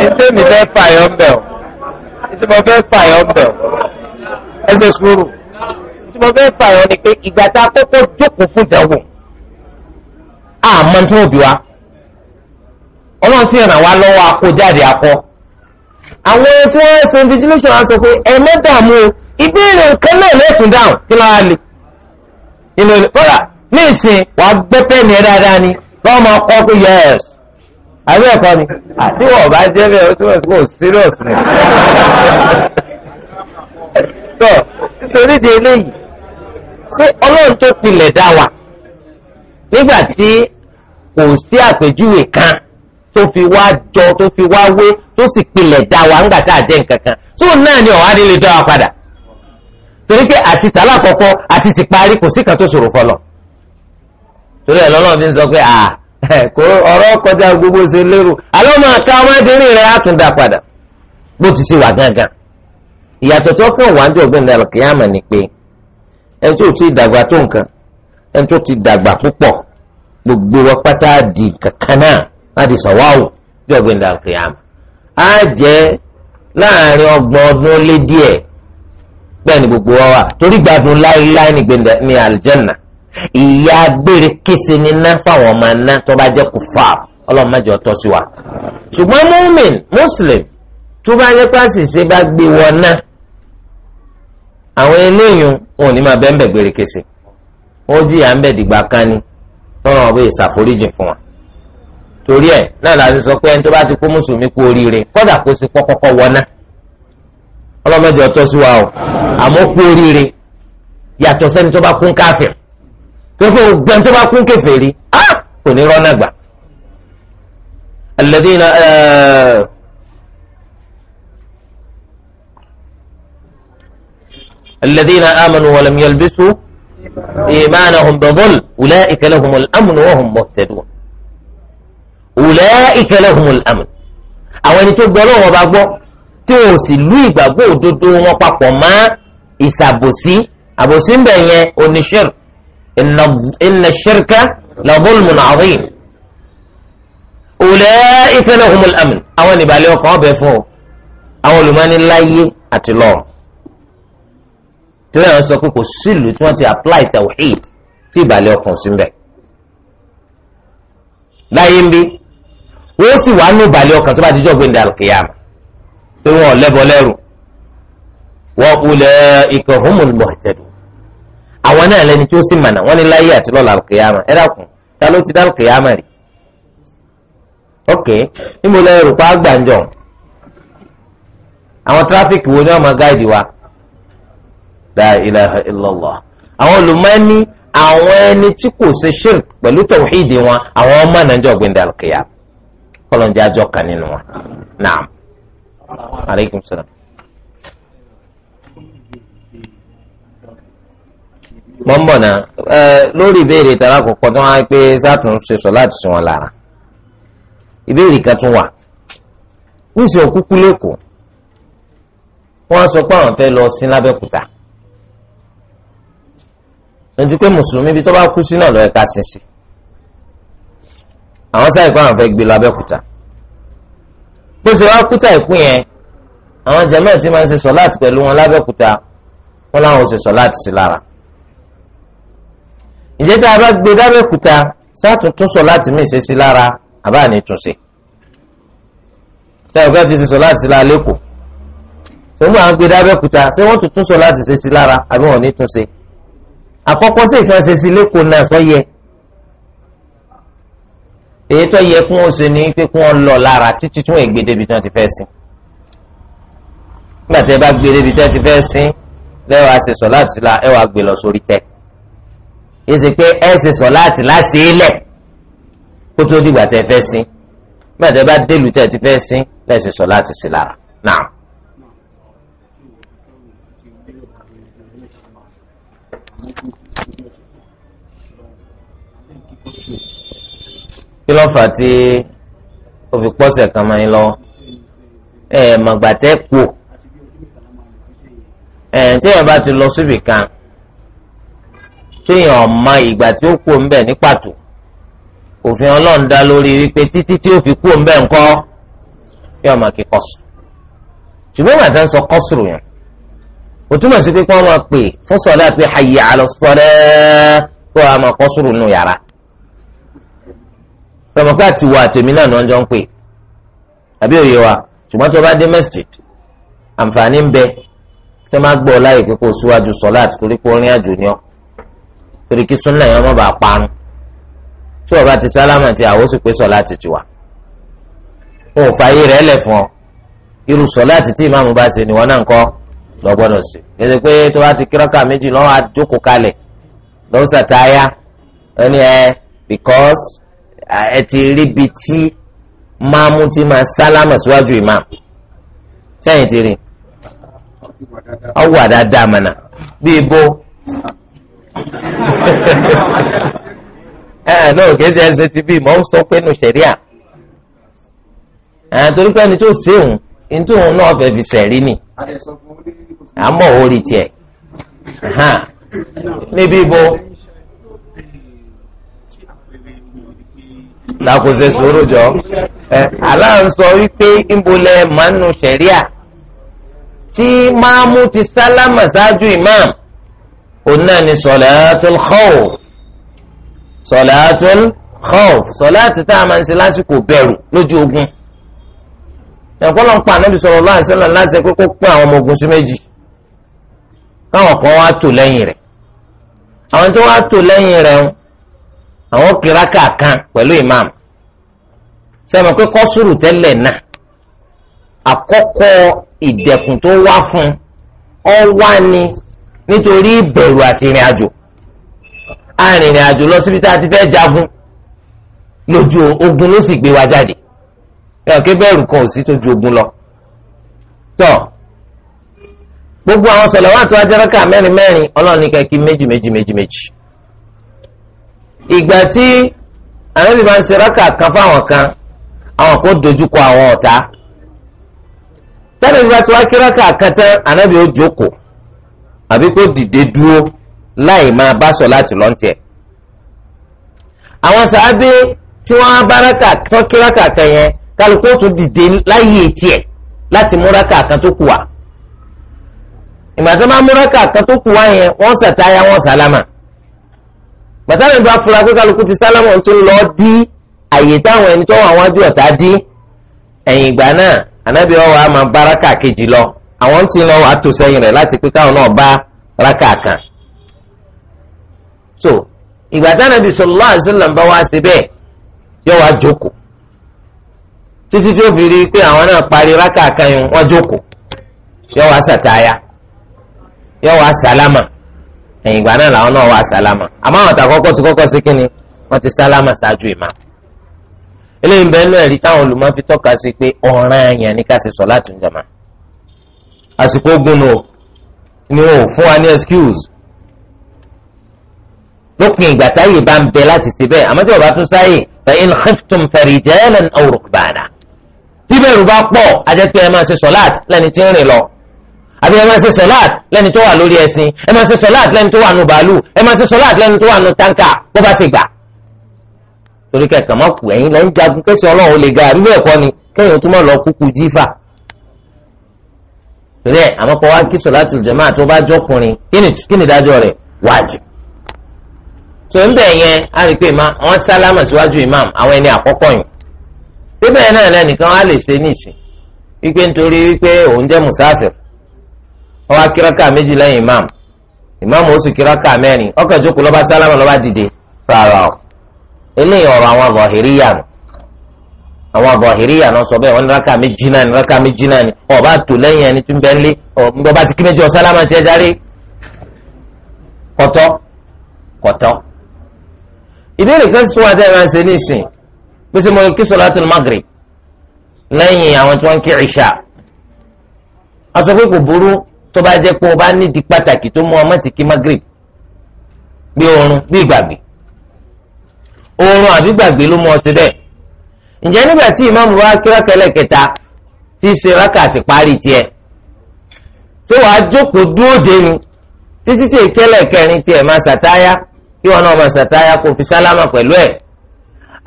ètò mi fẹ́ fàyọ̀ ń bẹ̀ ọ́ ètò mo fẹ́ fàyọ̀ ń bẹ̀ ọ́ ẹ ṣe sùúrù ètò mo fẹ́ fàyọ̀ ni pé ìgbà tá a kọ́kọ́ jókòó fún ìdánwò àmọ́ tí wọ́n bí wa ọlọ́run sì ràn wá lọ́wọ́ akójáde akọ́ àwọn ohun tí wọ́n ṣe invigilation á sọ pé ẹ ní ìsìn wà á gbé pẹ́ẹ́nì ẹ̀ dáadáa ni lọ́wọ́ máa kọ́ pé yẹ́s àbí ẹ̀kọ́ ni àti wọ́n bá jẹ́ bẹ́ẹ̀ ó túmọ̀ sí kò serious ni. tó nítorí di eléyìí ṣé ọlọ́run tó dá wa nígbà tí kò sí kan tó fi wá jọ tó fi wá wé tó sì pilẹ̀ dá wa ńgbà tá a jẹ́ nǹkan kan tó náà ni ọ̀hádìí lè dá wa padà torí pé àti tàlà kọ̀kọ́ àti tìparí kò sí torí ẹ̀ lọ́lọ́run fi ń sọ pé à kó ọ̀rọ̀ kọjá gbogbo ṣe lérò àlọ́ máa ká ọmọdéré rẹ̀ á padà bó ti ṣe wà gángan ìyàtọ̀ tó ń jọ ni pé ẹni tó ti dàgbà tó nǹkan ẹni ti dàgbà púpọ̀ gbogbo wọn pátá di kankan náà á jẹ́ láàrin ọgbọ̀n ọdún lé gbogbo wa wà torí ìyà agbére kése níná fáwọn ọmọ iná tó bá jẹ́ kùfà ọlọ́run mẹ́jọ tọ́ sí wa. ṣùgbọ́n mumin muslim tó bá ní pàṣẹṣe bá gbé wọn náà àwọn eléyìí wọn ò ní ma bẹ́ẹ̀ bẹ́ẹ̀ gbére kése wọ́n jìyà ń bẹ̀ dìgbà kan ni tọ́nà ọ̀bẹ ìṣàforíjì fún wa. torí ẹ̀ náà láti sọ pé ẹni tó bá ti kú mùsùlùmí kú oríire kọ́dà kó sì kọ́kọ́kọ́ wọ náà ọlọ́run mẹ́jọ tọ́ sí wa o àmọ́ kú oríire yàtọ̀ sẹ́ni tó bá kún káfíìn pé gbẹ̀ǹ tó bá kún kèfèrí kò ní rọ́nà gbà. alladhina alladhina amanu wa lam yalbisu imanahum bi dhulm ulaika lahumul amn wa hum muhtadun ulaika lahumul amn àwọn ẹni tó gbọ́ lọ́wọ́ bá gbọ́ tí o sì lú ìgbàgbọ́ òdodo wọn papọ̀ mọ́ ìsàbòsí àbòsí ń bẹ̀ yẹn oníṣẹ́rù inna shirka la zulmun azim ulaika lahumul amn àwọn ìbàlẹ̀ ọkàn ọbẹ̀ fún ọ àwọn olùmọ́ni láyé àti lọ́run torí àwọn sọ pé kò sílùú tí wọ́n ti apply tawhid tí ìbàlẹ̀ ọkàn sí mbẹ̀ láyé ń bí sì wà ní ìbàlẹ̀ ọkàn tó bá dijọ́ gbé ndàlù kìyàmù pé wọ́n lẹ́bọ̀ lẹ́rù wa ulaika humul muhtadun àwọn náà lẹni tí ó sì mànà wọn ni láyé àti lọ́la ok rò pa àwọn wo ni máa gáàdì wa la ilaha illallah àwọn olùmọ́ni àwọn ẹni tí shirk pẹ̀lú wọn àwọn ọmọ àjọ kan nínú wọn naam aleykum mọ̀nbọ̀nà ẹ lórí ìbéèrè tẹ̀lé àkọ́kọ́ tó wáá pé sátún ṣe sọ láti sùn wọn lára ìbéèrè kan tún wà níṣẹ́ òkúkú lẹ́kọ̀ọ́ wọ́n sọ pé àwọn fẹ́ lọ sí lábẹ́kúta lọ́jọ́ pé mùsùlùmí bí tó bá kú sí náà lọ́ọ́ ẹ̀ka ṣinṣi àwọn sáyẹ̀ àwọn fẹ́ gbé lábẹ́kúta bó ṣe wá kúta ìkú yẹn àwọn jẹ́mẹ́ẹ̀ tí máa ń ṣe sọ láti pẹ̀lú wọn lábẹ́kúta wọn láwọn ò ṣe sọ láti sí lára ìjẹ́ tá a bá gbé dábẹ́kúta sátúntún sọ láti mí ìṣesí lára àbá ní túnṣe tá ìgbà tí ṣe sọ láti sí lára lẹ́kọ̀ọ́ tó ń bá ń gbé dábẹ́kúta ṣé wọ́n tuntun sọ láti ṣe sí lára àbí wọ́n ní túnṣe àkọ́kọ́ sí ìtàn ṣe sí lẹ́kọ̀ọ́ náà sọ yẹ èyí tó yẹ kí wọ́n ṣe ní pé kí wọ́n lọ lára títí tí wọ́n débi tí wọ́n ti fẹ́ sí nígbà tí ẹ bá gbé débi tí wọ́n ti fẹ́ sí lẹ́wàá ṣe sọ láti sí lára ẹ gbé lọ sórí tẹ́ẹ̀ èsì pé ẹ ṣe sọ láti láṣẹ lẹ kó tó dìgbà tẹ fẹ́ sí nígbà tẹ bá délùú tẹ ti fẹ́ sí lẹsẹ sọ láti sí lára náà. kí ló fà tí o fi pọ́sẹ̀ kan mọ́ yín lọ́wọ́ ẹ̀ mọ̀gbà tẹ́ pò ẹ̀ tí lọ síbì kan téèyàn ọ̀ma ìgbà tí ó kú ńbẹ̀ ní pàtó òfin ọlọ́run dá lórí wípé títí tí ó fi kú ńbẹ̀ ńkọ́ kí ọmọ kí kọ́sù ṣùgbọ́n màá tẹ́ ń sọ kọ́sùrù yẹn ó túmọ̀ sí pé kí wọ́n máa pè fún sọ̀dá àti hayya ala kó a máa kọ́sùrù nù yàrá sọmọkẹ́ àti wà tèmi náà ni wọ́n jọ ń pè àbí òye wa ṣùgbọ́n tí wọ́n bá dé masjid àǹfààní ń bẹ tí wọ́n máa gbọ́ ọ láyè pé kó o síwájú sọ̀lá àti torí pé orin àjò ni torí kí súnà yẹn mọ̀ bá parun tí o bá ti sálámà tí àwọn sì pé sọlá ti tiwa o ò fààyè rẹ̀ lẹ̀ fún ọ irú sọlá ti tí ìmáàmù bá ṣe nìwọ náà ń kọ́ lọ gbọ́dọ̀ sí kéde pé tó bá ti kírọ́kà méjì lọ́wọ́ àjókòó kalẹ̀ lọ́wọ́ sàtáyà ẹni ẹ because ẹ ti rí bi tí máàmù ti máa sálámà síwájú ìmáàmù sẹ́yìn ti rí ọwọ́ àdáadáa mọ̀nà bí ibo. ẹ náà kéde ẹsẹ ti bí mọ ń sọ pé nù sẹríà ẹ torí pé ẹni tó ṣéun ní tó náà fẹ́ fi sẹ̀rí ni àmọ́ orí tiẹ̀ níbi ibo làkòsè sòrò jọ aláǹsọ eh, wípé ìbólẹ màánu sẹríà tí máàmù ti sálámà ṣáájú ìmáàmù. òun náà ni sọ̀láàtúl khawf sọ̀láàtúl khawf sọ̀láàtì tá a máa ń ṣe lásìkò bẹ̀rù lójú ogun ẹ̀kọ́ ló ń pa ànábì sallallahu alaihi wasallam láti ẹ̀kọ́ kó pé àwọn ọmọ ogun sí méjì káwọn kan wá tò lẹ́yìn rẹ̀ àwọn tó wá tò lẹ́yìn rẹ̀ ń àwọn kìrákà kan pẹ̀lú imam sẹ́mi pé kọ́sùrù tẹ́lẹ̀ náà àkọ́kọ́ ìdẹ̀kùn tó wá fún ọ wá ní nítorí ìbẹ̀rù àti ìrìn àjò arìnrìn àjò lọ síbi tá a ti fẹ́ jagun lójú ogun ló sì gbé wa jáde ẹ̀ọ́kẹ́ bẹ̀rù kan ò sí tó ju ogun lọ. tọ́ gbogbo àwọn sọ̀lẹ̀ wà tó ajẹ́rẹ́kà mẹ́rin mẹ́rin ọlọ́run ní kẹ́kí méjì méjì méjì méjì. ìgbà tí àwọn ìbá ń ṣeraka kan fáwọn kan àwọn kò dojú kọ àwọn ọ̀tá. tẹ́lẹ̀ ìbá tó wá kíraka kan tán ànábì àbí kó dìde dúró láì máa bá sọ láti lọ́n tiẹ̀. àwọn sàábé tí wọ́n bá rákà tán kí rákà kan yẹn kálukú ó tún dìde láyé tiẹ̀ láti mú rákà kan tó kù wá. ìgbà tó máa mú rákà kan tó kù wá yẹn wọ́n sàtáyà wọ́n sálámà. bàtàlẹ̀ ìgbà fura pé kálukú ti sálámà tó lọ dí àyè táwọn ẹni tó wà wájú ọ̀tá dí. ẹ̀yìn ìgbà náà ànábì ọ̀wà máa bá rákà kejì lọ àwọn tí lọ àtòsẹ́yìn rẹ̀ láti pé káwọn náà bá rákà kan. so ìgbà tí Ànábì sallallahu alaihi wasallam bá wá sí bẹ́ẹ̀ yóò wá jókòó títí tí ó fi rí i pé àwọn náà parí rákà kan yìí wọ́n jókòó yóò wá sàtáyà yóò wá sálámà ẹ̀yìn ìgbà náà làwọn náà wá sálámà àmọ́ àwọn àtàkọ́kọ́ ti kọ́kọ́ sí kínni wọ́n ti sálámà ṣáájú ìmáà eléyìí bẹ́ẹ̀ náà rí táwọn olùmọ̀ fi tọ́ka sí pé ọ̀ranyàn ni ká ṣe sọ láti ń jàmá àsìkò ogun nù ni wọn ò fún wa ní excuse lópin ìgbà táyè bá ń bẹ láti ṣe bẹ́ẹ̀ àmọ́ tí wọ́n bá tún sáyè fa in khiftum farijalan aw rukbana tí bẹ́ẹ̀rù bá pọ̀ ajẹ́pẹ́ ẹ máa ṣe sọ́láàt lẹ́ni tí ń rìn lọ àbí ẹ máa ṣe sọ́láàt lẹ́ni tó wà lórí ẹṣin ẹ máa ṣe sọ́láàt lẹ́ni tó wà nù bàálù ẹ máa ṣe sọ́láàt lẹ́ni tó wà nù táǹkà bó bá ṣe gbà. torí kẹ̀kẹ́ má kù ẹ̀yin lẹ́yìn jagun kẹ́sì ọlọ́run ò lè ga àríwẹ̀ ni kẹ́yìn tó má lọ kúkú jífà rẹ àmọ́ kọ́ wá kí sọ̀láàtì jàmáà tó bá jọkùnrin kí ni ìdájọ́ rẹ̀ wájib. tó ń bẹ̀ yẹn á salama i pé wọ́n sálámà síwájú imam àwọn ẹni àkọ́kọ́ yìí síbẹ̀ náà lẹ́nìkan á lè ṣe níìsín wípé nítorí wípé òun jẹ́ musafir ó kíráka méjì lẹ́yìn imam imam ó sì kíráka mẹ́rin ó kàn jókòó sálámà ló dìde rárá o eléyìí ọ̀rọ̀ àwọn àwọn àbọ̀hìríyà náà sọ bẹ́ẹ̀ wọ́n ní rákà méjì náà ní rákà méjì náà ní ọba tó lẹ́yìn ẹni tí ń bẹ nílé ọba ti kí méjì ọ̀sálámà tiẹ̀ járe kọ̀tọ́ kọ̀tọ́. ìbéèrè kan sọ wá tẹ́lẹ̀ máa ń ṣe ní ìsìn pé sẹ́ mo kí sọ̀láàtì magrib lẹ́yìn àwọn tí wọ́n ń kí ìṣà. a sọ pé kò burú tó bá jẹ́ pé o bá nídìí pàtàkì tó mú ọmọ ti kí magrib bí oorun bí ìgbàgbé oorun àbí gbàgbé ló mú ọ ǹjẹ́ nígbà tí ìmáàmù bá kí rákà ẹlẹ́kẹta tí í ṣe rákà ti parí tiẹ̀ ṣé wàá jókòó dúró dé ni títí tí ìkẹlẹ̀ kẹrin tiẹ̀ máa ṣàtáyà kí wọn náà máa ṣàtáyà kó fi sálámà pẹ̀lú ẹ̀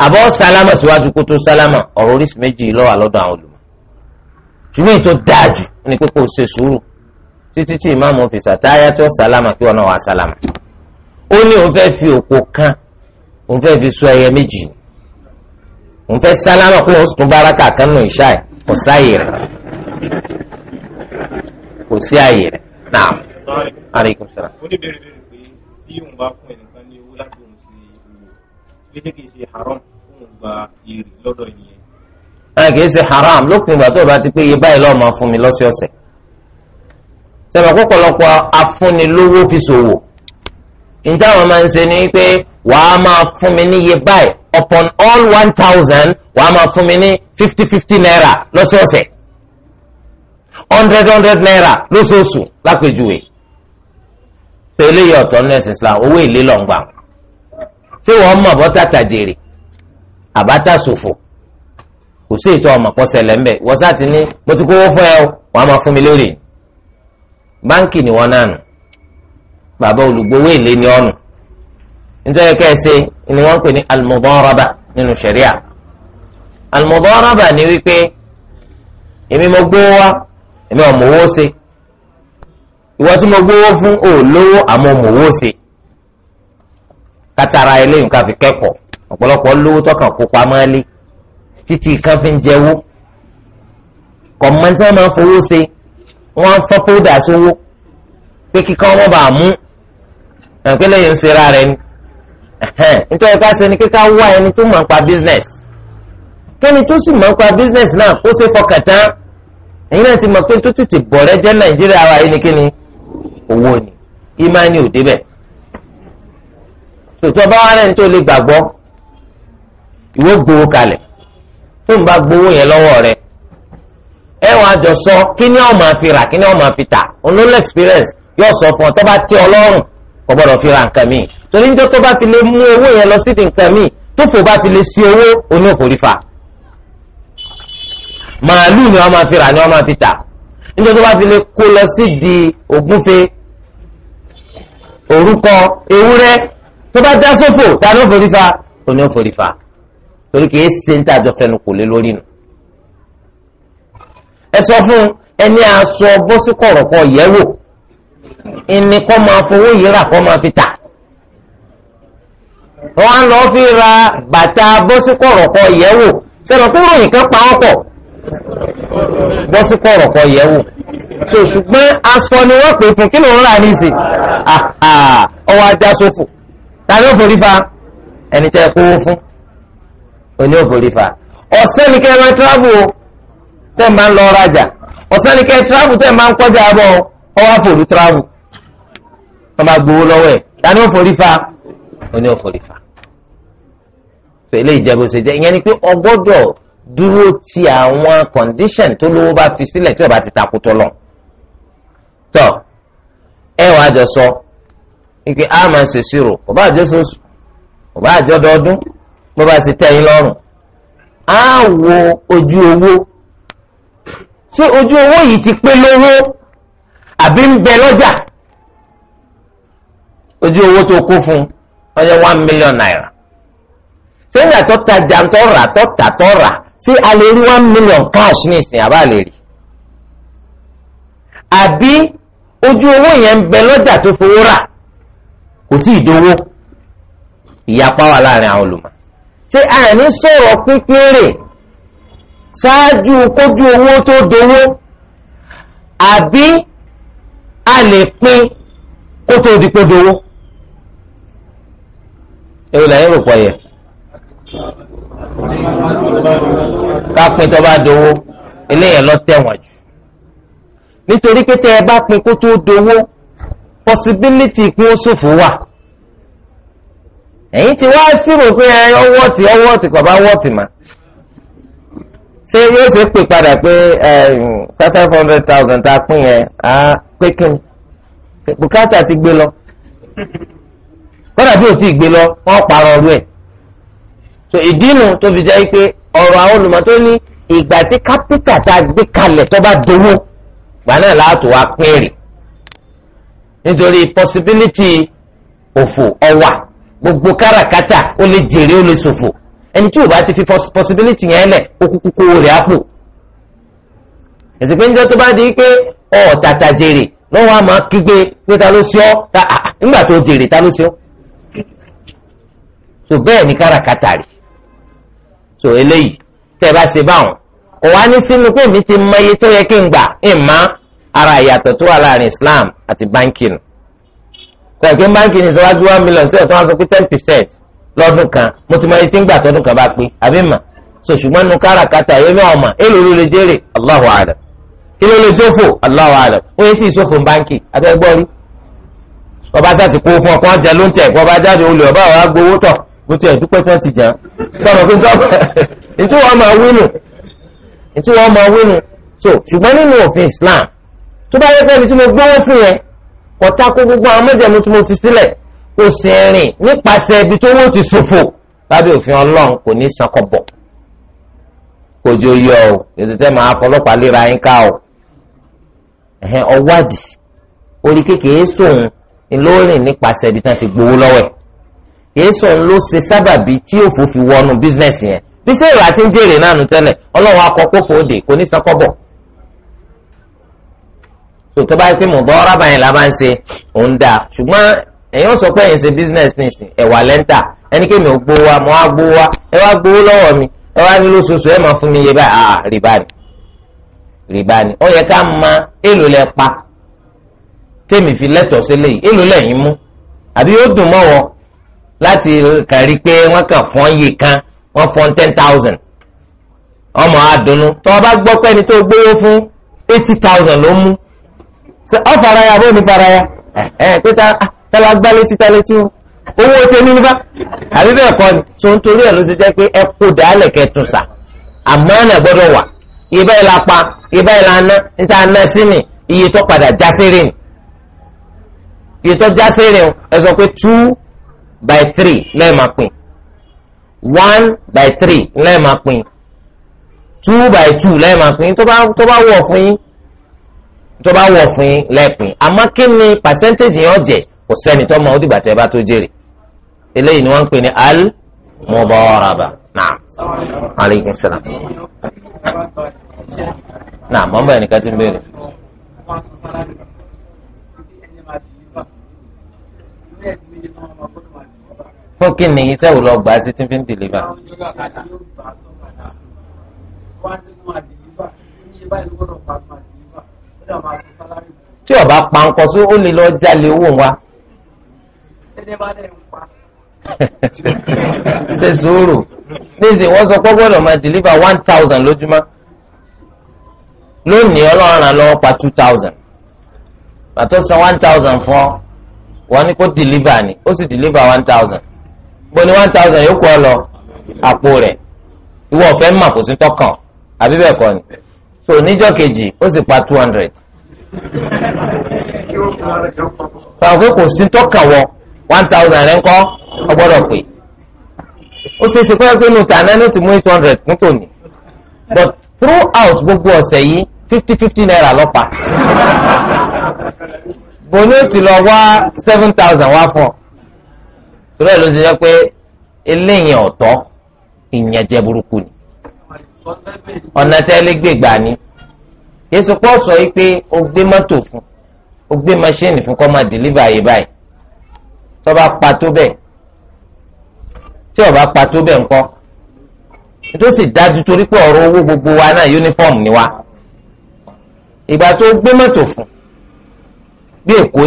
àbọ̀ sálámà síwájú kó tó sálámà ọ̀rọ̀ oríṣi méjì lọ́wọ́ lọ́dọ̀ àwọn olùmọ̀ ṣùgbọ́n ètò dáa jù ni pé kó o ṣe sùúrù títí tí ìmáàmù fi ṣàtáyà tí ó sálámà kí wọn náà wá sálámà ó ní òun fẹ́ fi òpó kan òun fẹ́ fi sọ ẹyẹ méjì ni òun fẹ́ sálámà kó òun tún báraka kan nù ìṣá ẹ̀ kò sáàyè rẹ̀ kò sí àyè rẹ̀ náà aleykum salaam. ó ní bèrè bèrè pé tí òun bá fún ẹnìkan ní owó láti òun sí ìlú lédè kìí ṣe haram fún òun gba èrè lọ́dọ̀ ìyẹn. ẹ kìí ṣe haram lópin ìgbà tó o bá ti pé iye báyìí lọ́ọ́ máa fún mi lọ́sọ̀ọ̀sẹ̀ sọ̀rọ̀ pọ̀pọ̀lọpọ̀ afúnilówó fi ṣòwò ìjà wọn máa ń ṣe ni pé wàá máa fún mi níye báyìí upon all one thousand wàá máa fún mi ní fifty fifty naira lọ́sọ̀ọ̀sẹ̀ hundred hundred naira lóṣooṣù lápèjúwe ṣe eléyìí ọ̀tọ̀ ní ẹ̀sìn Islam owó èlé lọ́ngbà ṣé wọ́n mọ̀ bọ́tà tàjèrè àbátà ṣòfò kò sí ètò ọmọ pọ́ ṣẹlẹ̀ ńbẹ̀ wọ́n sá ti ní mo ti kówó fún ẹ o wàá máa fún mi lérè báńkì ni wọ́n náà nù bàbá olùgbowó èlé ni ọ̀nù nítorí kẹsẹ ni wọ́n pè ní almudaraba nínú ṣẹ̀ríà almudaraba ni wípé èmi mo gbówó wá èmi ò mówó ṣe ìwọ tí mo gbówó fún ò lówó àmọ́ ò mówó ṣe kátàrà eléyìí ká fi kẹ́kọ̀ọ́ ọ̀pọ̀lọpọ̀ lówó tọkàn kó pamọ́ lé títí kan fi ń jẹwó kọ̀mọ́ntì máa ń fowó ṣe wọ́n á fọ́ pódà sówó pé kíkọ́ wọn bá mú ẹ̀ńpẹ́lẹ́yìn ń ṣera rẹ̀ ni nítorí ká ṣe ni kíkà wá ẹni tó mọ̀ nípa business kẹ́ni tó sì mọ̀ nípa business náà kó ṣe fọkàn tán ẹ̀yin náà ti mọ̀ pé tó tètè bọ̀ rẹ́ jẹ́ nàìjíríà wa yìí ni kíni owó ni ìmánì ò débẹ̀ tòtọ́ bá wà lẹ́ni tó lè gbàgbọ́ ìwé gbowó kalẹ̀ tó ń bá gbowó yẹn lọ́wọ́ rẹ̀ ẹ wọn kí ni ọ̀ máa fi rà kí ni ọ̀ máa fi tà onólè experience yóò sọ fún ọ tó bá tẹ́ ọ kò gbọ́dọ̀ fi ra nǹkan míì torí níjọ́ tó bá ti lè mú owó yẹn lọ sídìí nǹkan míì tó fò bá ti lè sí owó oní òfòrífà màálù ni wọ́n máa fi rà ni wọ́n máa fi tà níjọ́ tó bá ti lè kó lọ sídìí ògúnfe orúkọ ewúrẹ́ tó bá já sófò ta ni òfòrífà oní òfòrífà torí kìí ṣe ń tàjọ fẹnu kò lé lórí nu ẹ sọ fún ẹni aṣọ bọ́sí kọ̀rọ̀kọ̀ yẹ̀wò ẹni kọ́ máa fowó yìí rà kọ́ máa fi tà wọ́n lọ fi ra bàtà bọ́síkọ̀rọ̀kọ̀ yẹ̀wò sẹ́nu tó ròyìn kan pa wọ́n pọ̀ bọ́síkọ̀rọ̀kọ̀ yẹ̀wò so ṣùgbọ́n aṣọ ni wọ́n pè fún kí ló ń rà ní ìsìn ọwọ́ ajá sófò tàbí òfòrífà ẹni tẹ́ kówó fún òní òfòrífà ọ̀sẹ́ ni kẹ́ ẹ máa tíráàbù o tẹ́ máa ń lọ rajà ọ̀sẹ́ ni kẹ́ ẹ tíráàbù tẹ́ máa ń kọjá abọ́ ọwọ́ àfòrí tíráàbù wọ́n máa gbowó lọ́wọ́ ẹ̀ tàbí òfòrífà òní òfòrífà pẹ̀lú ìjẹ́bù ṣe jẹ́ ìyẹn ni pé ọgbọ́dọ̀ dúró ti àwọn condition tó lówó bá fi sílẹ̀ tí ó bá ti takùtọ̀ lọ. tọ́ ẹ wàá jọ sọ ike a máa ṣe ṣírò kò bá àjọ sọ́sù kò bá àjọ dọ́ọdún bó bá ṣe tẹ́yìn lọ́rùn á wo ojú owó ṣé ojú owó yìí ti pé lówó àbí ń bẹ lọ́jà ojú owó tó kó fún ọjọ́ one million naira sẹ́yìn àtọ́ta jàǹtọ́ rà tọ́ta tọ́ rà sí alẹ́ rí one million cash ní ìsìn àbá lè rí àbí ojú owó yẹn ń bẹ lọ́jà tó fowó rà kò tí ì dowó ìyapa wà láàrin àwọn olùmọ̀ ṣé àní sọ̀rọ̀ pínpín rè ṣáájú kójú owó tó dowó àbí a lè pín kó tó di pé dowó. èwo làyẹ̀ pọ̀ yẹn. kápẹ́ tó bá dowó lọ tẹ̀wọ̀n jù nítorí pé tẹ́ ẹ bá tó dowó possibility pín ó ṣòfò wà ti wá sírò pé ọwọ́ tì ọwọ́ tì kò bá mà ṣé yóò ṣe pè padà pé five hundred thousand pín yẹn á pé ti gbé lọ bí lọ wọ́n so ìdínú tó fi jẹ́ pé ọ̀rọ̀ àwọn olùmọ̀ tó ní ìgbà tí kápítà tá a gbé kalẹ̀ tó bá dowó gbà náà láàtò wá pẹ́ẹ́rì nítorí possibility òfò ọ̀wà gbogbo káràkátà ó lè jèrè ó lè ṣòfò ẹni tí ò bá ti fi possibility yẹn lẹ̀ ó kúkú kó rẹ̀ àpò ẹ̀sìnkú níjọ́ tó bá di pé ọ̀ tàtà jèrè lọ́wọ́ àmọ́ kígbe pé ta ló ṣe ọ́ nígbà tó jèrè ta ló ṣe ọ́ so bẹ́ẹ̀ ni káràkátà rí so eléyìí tẹ́ ẹ bá ṣe báwọn kò wá ní sínú pé mi ti mọ iye tó yẹ kí n gbà ń ara ìyàtọ̀ tó wà láàrin Islam àti báńkì nù sọ̀rọ̀ pé báńkì ní ìsọwájú one million sí ọ̀tún wọn sọ pé ten percent lọ́dún kan mo ti mọ iye tí ń gbà tọ́dún kan bá pé àbí mà so ṣùgbọ́n nu káràkátà yẹn náà mà èlò ló lè jèrè Allahu alam kí lè jófò Allahu alam ó yẹ sí ìsòfò báńkì àtẹ́gbọ́rí ọba sá ti kó fún ọkọ̀ ọjà ló ń tẹ̀ ọba jáde olè ọba ọ̀rá bó tiẹ̀ dúpẹ́ tí wọ́n ti jà sọ̀rọ̀ pé ntọ́pẹ́ ntí wọ́n máa wínú ntí wọ́n máa wínú so ṣùgbọ́n nínú òfin Islam tó bá yẹ pé ẹni tí mo gbówó fún yẹn kò tako gbogbo àwọn mẹ́jẹ̀mú tí mo fi sílẹ̀ kò sì rìn nípasẹ̀ ibi tó wọ́n ti ṣòfò lábẹ́ òfin Ọlọ́run kò ní san kọ́bọ̀ kojú yọ o èsì tẹ́ máa fọlọ́pàá léra yín ká o ọwádìí orí kékeré sóun ńlọrọrìn nípasẹ̀ ibi tí wọ́n ti gbowó lọ́wọ́ ẹ̀ kìí sùn ló ṣe sábàbí tí òfò fi wọnú business yẹn bí sẹ́yìn àti ń jèrè náà nù tẹ́lẹ̀ ọlọ́run akọ kókó òde kò ní sakọ́bọ̀ tó tó bá pé mọ̀gbọ́n rábà yẹn la bá ń ṣe òun dà ṣùgbọ́n èyàn sọ pé ẹ̀yin ṣe bísínẹ́sì ní ìsìn ẹ̀wà lẹ́ńtà ẹni kémi ò gbowó wa mọ́ á gbowó wa ẹ wá gbowó lọ́wọ́ mi ẹ wá ní lóṣooṣù ẹ máa fún mi yé báyìí ah rìbá ni rìbá ni ó yẹ ká mọ èlò lẹ pa tèmi fi láti kàrí pé wọ́n kàn fọ́n yìí kan wọ́n fọ́n ten thousand ọmọ àdùnnú tó o bá gbọ́ pé ẹni tó gbówó fún eighty thousand ló mú ọ faraya bó ní faraya ẹ ẹ pé ta ah, ta la létí o owó tí èmi ní bá kọ́ ni tó ń torí ẹ̀ ló ṣe jẹ́ pé ẹ kó dàálẹ̀ kẹtùn sà àmánà gbọ́dọ̀ wà ibà ìlà pa ibà ìlà ná níta ná sí ni iye tó padà já séré ni iye tó já séré o ẹ sọ pé two by three lẹ́ẹ̀ma pin one by three lẹ́ẹ̀ma pin two by two lẹ́ẹ̀ma pin tó bá wọ̀ fún yín tó bá wọ̀ fún yín àmọ́ kí ni percentage yẹn jẹ́ kò sẹ́ni tó mọ ó dìgbà tẹ́ bá tó jèrè eléyìí ni wọ́n ń pè ní al mubaraba naam aleykum salaam naam mọ̀ fún kí ni iṣẹ́ ò lọ gbà sí tí fi ń dìlíbà. tí ọba pankọ sí ó lè lọ jalè owó wa. ṣe sùúrù níṣẹ́ wọ́n sọ pé gbọ́dọ̀ máa dìlíbà one thousand lójúmọ́ lónìí ọlọ́run àná pa two thousand pàtó san one thousand fún ọ wọ́n ní kó dìlíbà ni ó sì dìlíbà one thousand bó one thousand yóò kó ọ lọ àpò rẹ̀ ìwọ ọ̀fẹ́ mà kò sí tọkàn àbí bẹ́ẹ̀ kọ́ ni so níjọ́ kejì ó sì pa two hundred sọ̀rọ̀ pé kò sí tọkàn wọ one thousand rẹ̀ ń kọ́ ọ gbọ́dọ̀ pé ó ṣe é ṣe pé nínú tàná ní ti mú eight hundred fún tòní but throughout gbogbo ọ̀sẹ̀ yìí fifty fifty naira lọ́pàá bòní ó ti lọ wá seven thousand wá fún ọ. torí ẹ̀ ló ṣe jẹ́ pé eléyìí ọ̀tọ̀ ìyẹn burúkú ni ọ̀nà tẹ́lẹ̀ gbègbà ni yéṣu pọ̀ sọ yìí pé o gbé mọ́tò fún o gbé mọ́ṣíìnì fún kọ́ máa dìlíbà yìí báyìí bá pa tó tí owó gbogbo wa náà yúnífọ̀mù ni wa ìgbà tó gbé mọ́tò fún bí èkó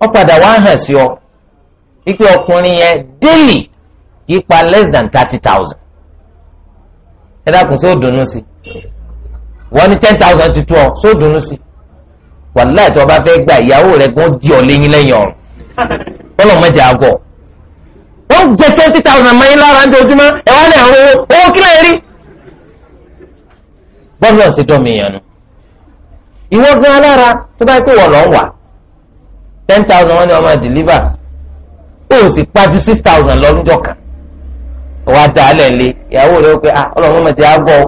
wọ́n padà wá hàn sí ọ wípé ọkùnrin yẹn daily kìí pa less than thirty thousand ẹ dákun sí òdùnnú sí wọ́n ní ten thousand ti tú ọ sí òdùnnú sí wàláì tí wọ́n bá fẹ́ gba ìyàwó rẹ̀ gan di ọ lẹ́yìn lẹ́yìn ọ̀run bọ́lọ̀ mọ́jà àgọ́ wọ́n jẹ twenty thousand mọ́yìn lára ń dojúmọ́ ẹ wá ní àwọn owó owó kílẹ̀ rí bọ́ọ̀lù ọ̀sẹ̀ dọ́mi ìyànnu ìwọ gan alára tó bá yẹ kó wọ́n lọ́ wà. ten thousand wọ́n ní ma deliver O sì pàjù six thousand lọ níjọ́ kan wàá á lẹ̀ lé ìyàwó rẹ̀ pé ah ọlọ́run mọ̀ ti á gbọ́ ọ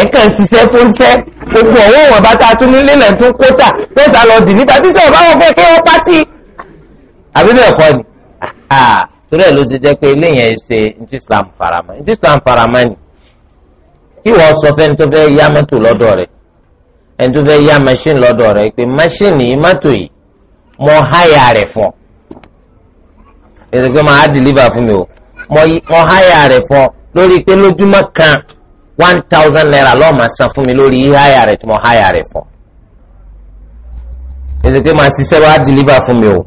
ẹ̀ka ń ṣiṣẹ́ tó ń ṣẹ́ gbogbo ọ̀wọ́ wọn bá ta tún nílé lẹ̀ tún kóta mẹ́ta lọ dì níta tí sọ̀rọ̀ báwọn fẹ́ kí wọ́n pátì. ni torí ẹ̀ ló ṣe jẹ́ pé ṣe ní Islam farama ní Islam farama ni kí wọ́n sọ fẹ́ni tó fẹ́ yá mọ́tò lọ́dọ̀ rẹ̀ ẹni tó fẹ́ mo háyà rẹ̀ fún ọ èsì pé máa deliver fún mi o mo háyà rẹ̀ fún ọ lórí pé lójúmọ́ kan one thousand naira lọ́ọ́ máa san fún mi lórí háyà rẹ̀ tí mo háyà rẹ̀ fún ọ èsì pé máa ṣiṣẹ́ wá dìlíbà fún mi o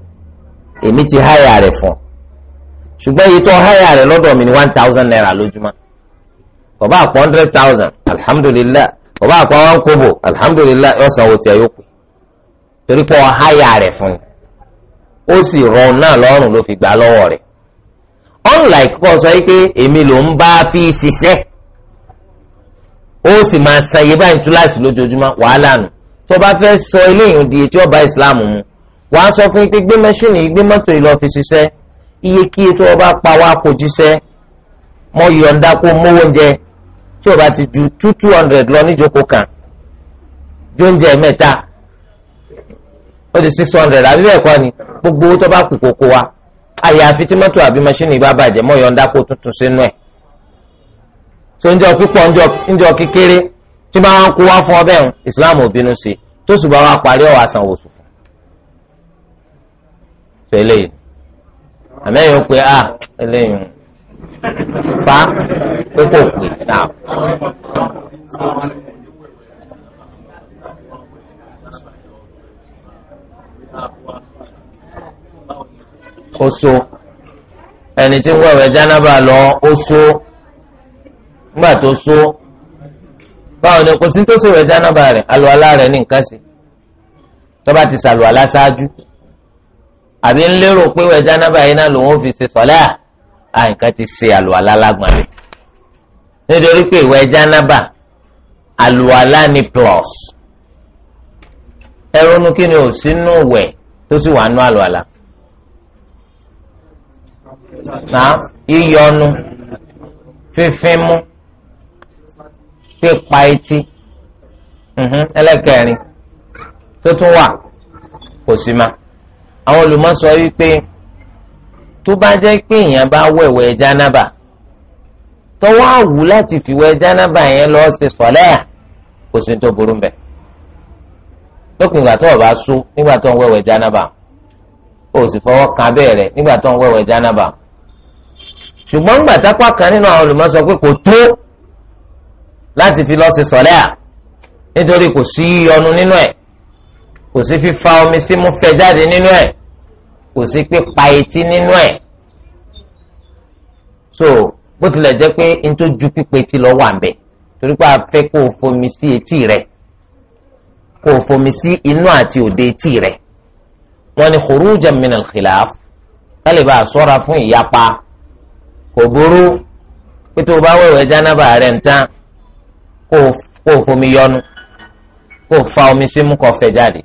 èmi ti háyà rẹ̀ fún ṣùgbọ́n iye tó háyà rẹ̀ lọ́dọ̀ mi ni one thousand naira lójúmọ́ kò bá hundred thousand alhamdulilayi kò bá àpọ̀ one kobo alhamdulilayi ọ̀sán wo tiẹ̀ yóò pè torí pé wọ́n háyà rẹ̀ fún un ó sì rọ náà lọ́rùn ló fi gbà lọwọ rẹ unlike kọ́ sọ pé èmi ló ń bá fi ṣiṣẹ́ ó sì máa san iye báyìí tún láti wàhálà nù tó bá fẹ́ sọ eléyìí di etí ọba islam mu wàá sọ fún pé gbé mẹ́ṣíìnì gbé mọ́tò fi iye pa wá mọ yọ̀ǹda kó mówó ọba ti ju two lọ níjókòó kan jóúnjẹ mẹ́ta ó di six hundred àbí bẹ́ẹ̀ kọ́ ni gbogbo owó tó bá kù kókó wa àyàfi tí mọ́tò àbí maṣíìnì bá bàjẹ́ mọ́ yọ̀ǹda kó tuntun sínú ẹ̀ so ǹjọ́ pípọ̀ ǹjọ́ kékeré tí bá ń kó wá fún ọbẹ̀ ń Islam ò bínú sí tó sì bá wa parí ọ̀wà sanwó sùn fún fẹlẹ́ yìí àmẹ́yìn ó pe a ah, eléyìí fa pé kò pè náà. Oso, so ẹni tí ń wẹ̀wẹ̀ jánábà lọ ó so nígbà tó so báwo ni kò sí tó ṣèwẹ̀ jánábà rẹ̀ àlùwàlá rẹ̀ ní nǹkan sí tó bá ti ṣàlùwàlá ṣáájú àbí ń lérò pé wẹ̀ jánábà yìí náà lòun ó fi ṣe sọ́lá à nǹkan ti ṣe àlùwàlá lágbọ̀n rẹ̀ nítorí pé ìwẹ̀ jánábà àlùwàlá ni plus ẹrú nu kí ni ò sínú wẹ̀ tó sì wà nú àlùwàlá náà yíyọnu fífín mú pípa etí mhm. ẹlẹ́kẹ̀rin tó tún wà kò sí ma àwọn olùmọ̀sọ wípé tó bá jẹ́ pé èèyàn bá wẹ̀wẹ̀ jánábà tọwọ́ àwù láti fìwẹ̀ jánábà yẹn lọ ṣe sọ̀lẹ́ à kò sí tó burú mbẹ̀ lópin ìgbà tó o bá sú nígbà tó ń wẹ̀wẹ̀ jánábà o sì fọwọ́ kan abẹ́rẹ́ nígbà tó ń wẹ̀wẹ̀ jánábà ṣùgbọ́n gbà tápá kan nínú àwọn olùmọ̀ sọ pé kò tó láti fi lọ ṣe sọ̀lẹ́ à nítorí kò sí ọnu nínú ẹ̀ kò sí fífa omi símú fẹ́ jáde nínú ẹ̀ kò sí pé pa etí nínú ẹ̀ so bó tilẹ̀ jẹ́ pé n tó ju pípe etí lọ wà ń bẹ̀ torí pé a fẹ́ kó o fomi sí etí rẹ̀ kó o fomi sí inú àti òde etí rẹ̀ wọ́n ní khurujan min al-khilaf kálí fún ìyapa kò burú pé tó o bá wẹ̀wẹ̀ jánábà rẹ̀ ń tán kó o fomi yọnu kó o fa omi símú kó o jáde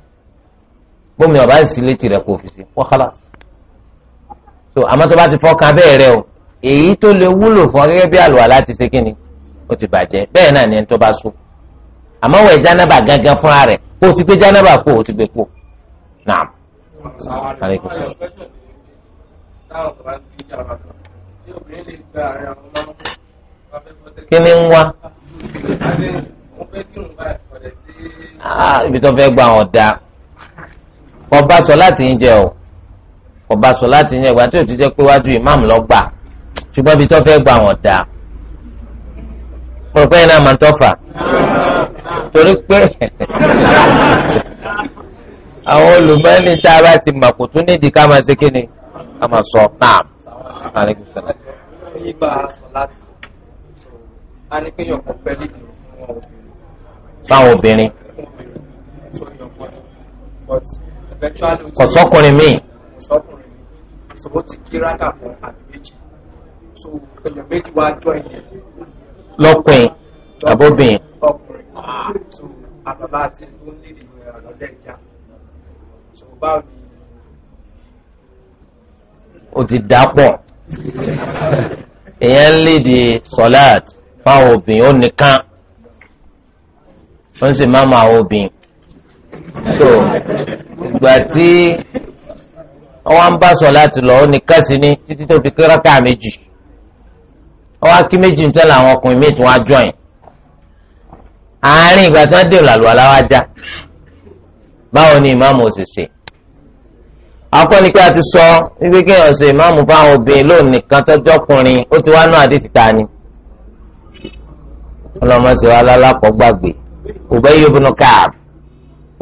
bómi ọ̀bá sì létí rẹ̀ kó o fi sí wọ́kálá so àmọ́ tó bá ti fọ́kàn bẹ́ẹ̀ rẹ o èyí tó lè wúlò fún ọ gẹ́gẹ́ bí àlùwà láti ṣe kí ni ó ti bàjẹ́ bẹ́ẹ̀ náà ni ẹni tó bá so àmọ́ wẹ̀ jánábà gángan fúnra rẹ̀ kó o ti gbé jánábà kó o ti gbé kó naam kí ni ń ah, ibi tó fẹ́ gba àwọn ọ̀dà ọba sọ láti ń jẹ o ọba sọ láti ń jẹ ìgbà tí ò ti jẹ́ pé wájú ìmáàmù lọ gbà ṣùgbọ́n ibi tó fẹ́ gba àwọn ọ̀dà pọ̀lọ́pọ̀ yẹn náà máa ń tọ́fà torí pé àwọn olùmọ̀ẹ́ni tá a bá ti mọ̀ kò tún nídìí ká máa ṣe kí ni ká máa sọ náà aleykum salaam. onígbà sọ láti a ní pé yọkàn fẹ́ lídìí fún àwọn obìnrin. fáwọn obìnrin. kọ̀sọ́kùnrin mi. kọ̀sọ́kùnrin mi sọ ó ti kí rákà fún àbí méjì so èèyàn méjì wá jọ ìyẹn. lọ́kùnrin àbóbìnrin. ọkùnrin ah, so àbàbà àti tó ń lédìí ọ̀lọ́dẹ̀ ìjà so báwo ni. o ti dà pọ̀ èèyàn ń di sọláàt fáwọn obìnrin ó nìkan ó ń sì máa ma àwọn obìnrin tó ìgbà tí wọ́n ń bá sọláàt lọ ó nìkan sí ní títí tó fi kírọ́kà méjì wọ́n á kí méjì ń tẹ́lẹ̀ àwọn ọkùnrin míì tí á jọyìn àárín ìgbà tí wọ́n dèrò àlùwàlá wá báwo ni ìmáàmù òṣìṣẹ́ akọ́ ni pé a ti sọ wípé kéèyàn ṣe ìmáàmù fáwọn obìnrin lóun nìkan tọ́jọ́ ọkùnrin ó ti wá náà àdìsí ta ni. ọlọ́mọṣẹ́ wa lálàpọ̀ gbàgbé Ubay ibn Ka'b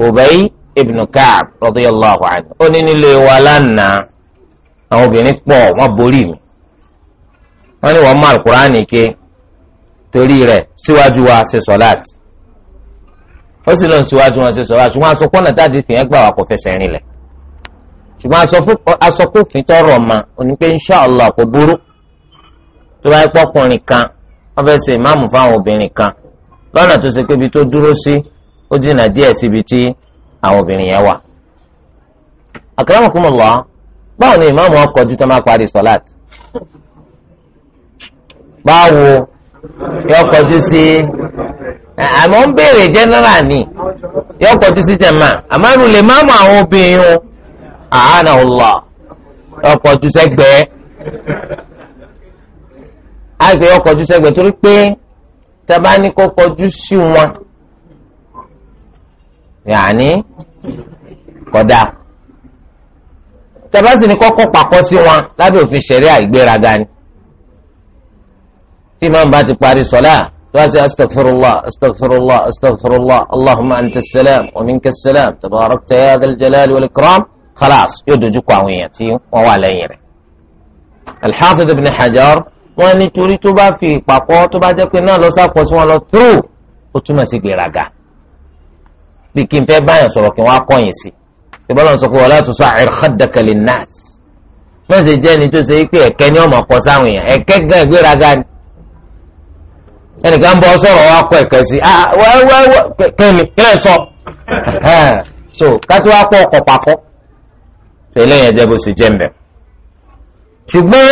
Ubay ibn Ka'b radiyallahu anhu ó ní nílé wa lánàá àwọn obìnrin pọ̀ wọ́n borí mi wọ́n ní wọ́n mú alukur'ani ké torí rẹ̀ síwájú wa ṣe sọ́láàtì ó sì lọ́n síwájú wọn ṣe sọ́láàtì wọ́n aṣọ pọ́nà táàdì ṣùgbọ́n asọ́kùnfin tọrọ ma òní pé inṣàlá kò burú tó bá pọ́ ọkùnrin kan wọ́n fẹ́ ṣe ìmáàmù fáwọn obìnrin kan lọ́nà tó ṣe pé ibi tó dúró sí ó jìnnà díẹ̀ síbi tí àwọn obìnrin yẹn wà. akramakumullah báwo ni ìmáàmù ọkọ̀ ojú tó máa parí sọ́láàtì báwo yọ kọjú sí àmọ́ ń béèrè general ni yọ kọjú sí jẹ̀ma àmọ́ ìrù lè má àwọn obìnrin o. àánà Allah ọkọ̀ ojú sẹ́gbẹ̀ẹ́ àgbẹ̀ ọkọ̀ ojú sẹ́gbẹ̀ẹ́ torí pé tẹ́bá ní kó kọjú sí wọn yàní kódà tẹ́bá sì ní kọ́kọ́ pàkọ́ sí wọn lábẹ́ òfin ṣẹ̀rí àìgbéraga ni tí màmú bá ti parí sọ́lá توازي استغفر الله استغفر الله استغفر الله اللهم انت السلام ومنك السلام تباركت يا ذا الجلال خلاص yóò dojú kọ àwọn èèyàn tí wọ́n wà lẹ́yìn rẹ̀ alḥafiz ibn hajar wọ́n ní torí tó bá fi ìpàkọ́ tó bá jẹ́ pé náà lọ sápọ̀ sí wọn lọ tóó ó túmọ̀ sí gbéraga bí kí n fẹ́ báyọ̀ sọ̀rọ̀ kí wọ́n á kọ́yìn sí i bọ́lá ń sọ pé wala tusa'ir khaddaka linnas mẹ́sẹ̀ jẹ́ ni tó ṣe pé ẹ̀kẹ́ ni ọmọ kọ sáwọn èèyàn ẹ̀kẹ́ gan ìgbéraga ni ẹnìkan ń bọ sọ̀rọ̀ wa kọ ẹ̀kẹ́ sí i wẹ́wẹ́wẹ́ kẹ́mi tẹ́lẹ̀ yẹn jẹ́ bó ṣe jẹ́ mbẹ́. ṣùgbọ́n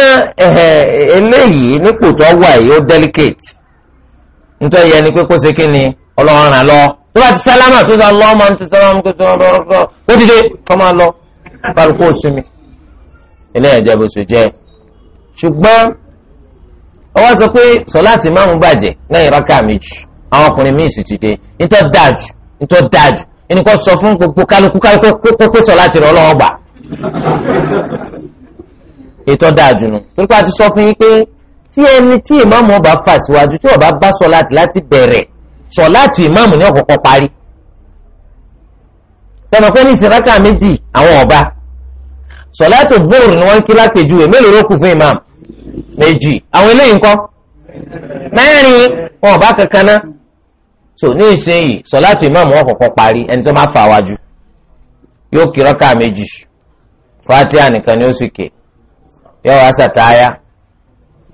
eléyìí nípò tó wà yìí ó delicate nítorí yẹn ni pé kó ṣe kí ni ọlọ́run ràn lọ tó bá ti sálámà tó sọ lọ́ tó sọ ó dìde kọ́ máa lọ bó ṣe sọ pé sọláàtì máa ń bàjẹ́ lẹ́yìn rákà méjì àwọn ọkùnrin míì sì ti dé dájú dájú fún gbogbo kálukú kálukú kó ètò dáadùnú nípa ti sọ fún yín pé tí ẹni tí ìmáàmù ọba fà síwájú tí ọba bá sọ láti láti bẹ̀rẹ̀ sọ láti ìmáàmù ní ọ̀kọ̀ọ̀kan parí sọ̀nà pé ní ìsìnráka méjì àwọn ọba sọ láti vóòrù ni wọ́n ń kí lápèjúwe mélòó ló kù fún ìmáàmù méjì àwọn eléyìí ńkọ́ mẹ́rin wọn ọba kankan náà so ní ìsinyìí sọ láti ìmáàmù ọ̀kọ̀ọ̀kan parí ẹni tó máa fà wájú yóò kí rákà méjì fatiha nìkan ni ó sì ké yọ wá sàtáyà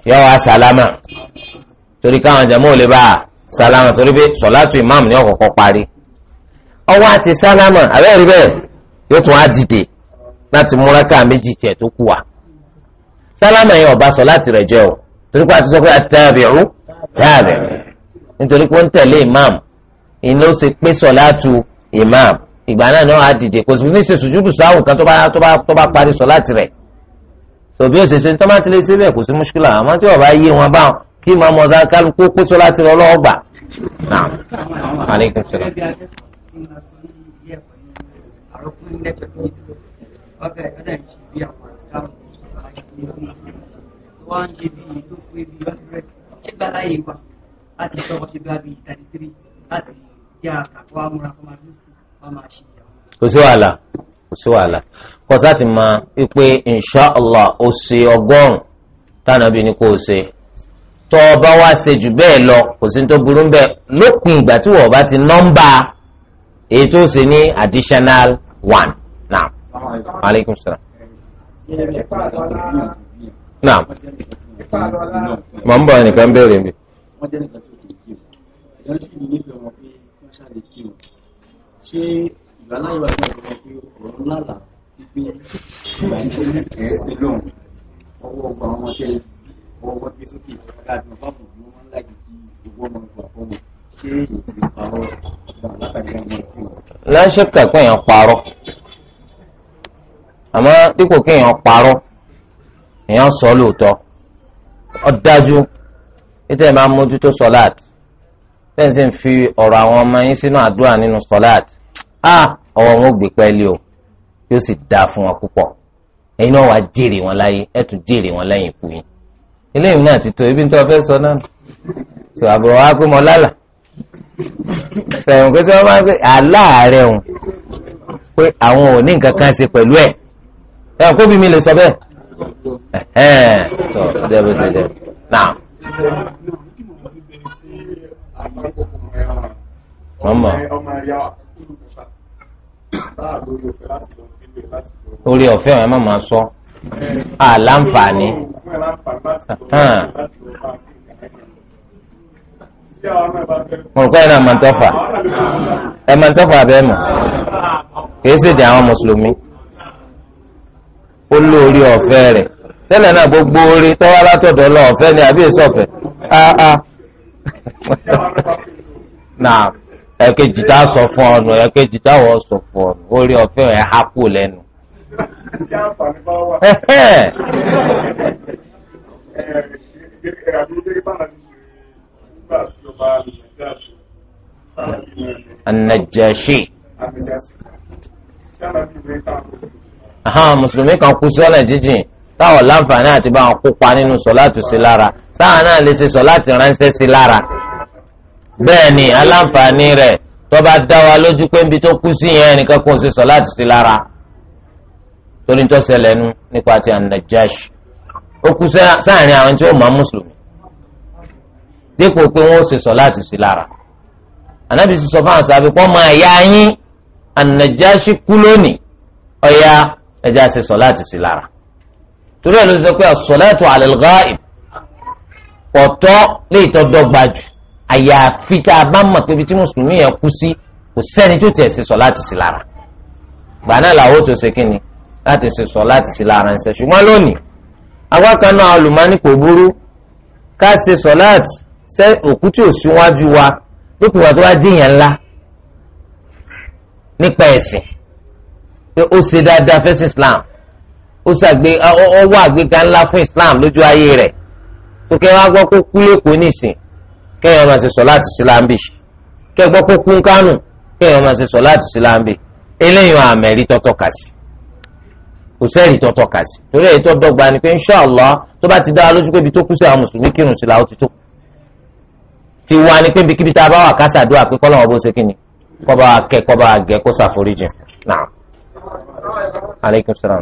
yọ wá sàlámà torí káwọn jàmọ́ ò lè bá a sàlámà torí pé sọ̀látù ìmáàmù ni ó kọ́kọ́ parí ọwọ́ àti sàlámà àbẹ́rẹ́ bẹ́ẹ̀ yóò tún á dìde láti múra ká méjì tiẹ̀ tó kù wá sàlámà yẹn ọba sọ̀látù rẹ̀ jẹ́ o torí pé àti sọ pé àtàbíù tàbíù nítorí pé ó ń tẹ̀lé ìmáàmù ìní ó ṣe pé sọ̀látù ìmáàmù ìgbà náà ni wọ́n á dìde kò sì ní ṣe sùjúdù sáwùn kan tó bá tó bá tó bá parí sọ láti rẹ̀ tòbí òṣèṣe tó máa ti lè ṣe bẹ́ẹ̀ kò sí mùṣkílà àmọ́ tí wọ́n bá yé wọn báwọn kí màá mọ̀ ọ́sán kálukú kó sọ láti rọ lọ́wọ́ gbà. láti sọ wọ́n àmúra fún kò sí wàhálà kò sí wàhálà kọ́sá ti máa wípé inṣàlá ó ṣe ọgọ́rùn-ún tánàbí ni kò ṣe tọ́ ọ bá wá ṣe jù bẹ́ẹ̀ lọ kò sí tó burú bẹ́ẹ̀ lópin ìgbà tí wọ́n bá ti nọ́mbà èyí tó ṣe ní additional one naam aleykum salaam naam mọ̀ ń bọ̀ nìkan béèrè mi ṣé ìgbàlá ìwà náà ló pé òun lálà pípé ìgbà tí ẹ ṣe lóhùn ọwọ́ ọgbà ọmọ tẹ ọwọ́ ọgbà gbé sókè káàdùn fáwọn òbí wọn láì kí owó ọmọ ìgbà fọmọ ṣé ìṣèlú parọ́ ọgbà látàrí ọmọ ìgbà. láńṣẹ́ kẹ̀kọ́ yẹn parọ́ àmọ́ dípò kéèyàn parọ́ èèyàn sọ lóòótọ́ ó dájú nítorí máa mójútó sọ́láàtì lẹ́yìn sì ń fi ọ̀rọ̀ àwọn ọmọ yín sínú àdúrà nínú sọ́láàt á ah, ọwọ́ wọn ò gbé pẹ́ẹ́lí o yóò sì dáa fún wọn púpọ̀ ẹ̀yin náà wàá jèrè wọn láyé ẹ̀ tún jèrè wọn lẹ́yìn ikú yín eléyìí náà ti tó ibi tó fẹ́ sọ náà sọ àbúrò wa kó mọ lálà sẹ̀wọ̀n pé tí wọ́n máa ń pè aláàárẹ̀ wọn pé àwọn ò ní nǹkan kan ṣe pẹ̀lú ẹ̀ ẹ̀wọ̀n kó bí mi lè sọ bẹ́ẹ̀ ẹ̀hẹ́n sọ mama orí ọ̀fẹ́ ọ̀hún ẹ má máa sọ àlàǹfààní. mo rò pé ẹ náà máa ń tọ́fà ẹ máa ń tọ́fà bẹ́ẹ̀ mọ̀ kì í ṣèdè àwọn mùsùlùmí ó lórí ọ̀fẹ́ rẹ̀ tẹ́lẹ̀ náà gbogbo orí tọ́wọ́ látọ̀dọ̀ lọ ọ̀fẹ́ ni àbí èso ọ̀fẹ́ áá náà ẹ̀kejì tá a sọ fún ọ nù ẹ̀kejì tá sọ fún ọ nù orí ọ̀fẹ́ hapụ há kú lẹ́nu. An-Najashi mùsùlùmí kan kú sí ọ̀nà jíjìn táwọn láǹfààní àti bá kópa nínú sọ láti ṣe lára. táwọn náà lè ṣe sọ láti ránṣẹ́ sí lára bẹ́ẹ̀ ni aláǹfààní rẹ̀ tó bá dá wa lójú pé níbi tó kú sí yẹn nìkan kò ṣe sọ láti sí lára torí tó ṣẹlẹ̀ nu nípa ti An-Najashi ó kú sáàrin àwọn tí ó máa mùsùlùmí dípò pé wọ́n ṣe sọ láti sí lára ànábì sì sọ fáwọn sábẹ́ pọ́n máa yá yín an kú lónìí ọ̀ya ẹja ṣe sọ láti sí lára torí ẹ̀ ló sọ pé as-salatu ala kọ̀tọ́ lè tọ́dọ́gba jù àyàfi tá a bá mọ̀ tóbi tí mùsùlùmí yẹn kú sí kò sẹ́ni tó tiẹ̀ ṣe sọ láti sí lára gbaná làwọn tó ṣe kíni láti ṣe sọ láti sí lára ń ṣe ṣùgbọ́n lónìí àwọn kan kò burú ká ṣe láti ṣe òkú tí ò síwájú wa dípò wà tó wá jìyàn ńlá nípa ẹ̀sìn pé ó ṣe dáadáa fẹ́sìn Islam ó ṣàgbé ọwọ́ àgbéga ńlá fún Islam lójú ayé rẹ̀ kókè wá gbọ́ pé kú lẹ́kọ̀ọ́ nìsín kéèyàn máa ṣe sọ láti sí láńbì kẹ́ gbọ́ pé kú ń kánù kéèyàn máa ṣe sọ láti sí láńbì eléyìí àmẹ́rí tọ́tọ́ kà sí kò sẹ́ẹ̀rì tọ́tọ́ kà sí torí èyí tó dọ́gba ni pé insha Allah tó bá ti dá lójú pé ibi tó kú sí àwọn mùsùlùmí kírun sí làwọn ti tó ti wá ni pé ibikíbi tá a bá wà ká ṣàdúrà pé kọ́ lọ́wọ́ bó ṣe kí ni kẹ́ kọ́ gẹ́ kó ṣàforíjìn náà. aleykum salaam.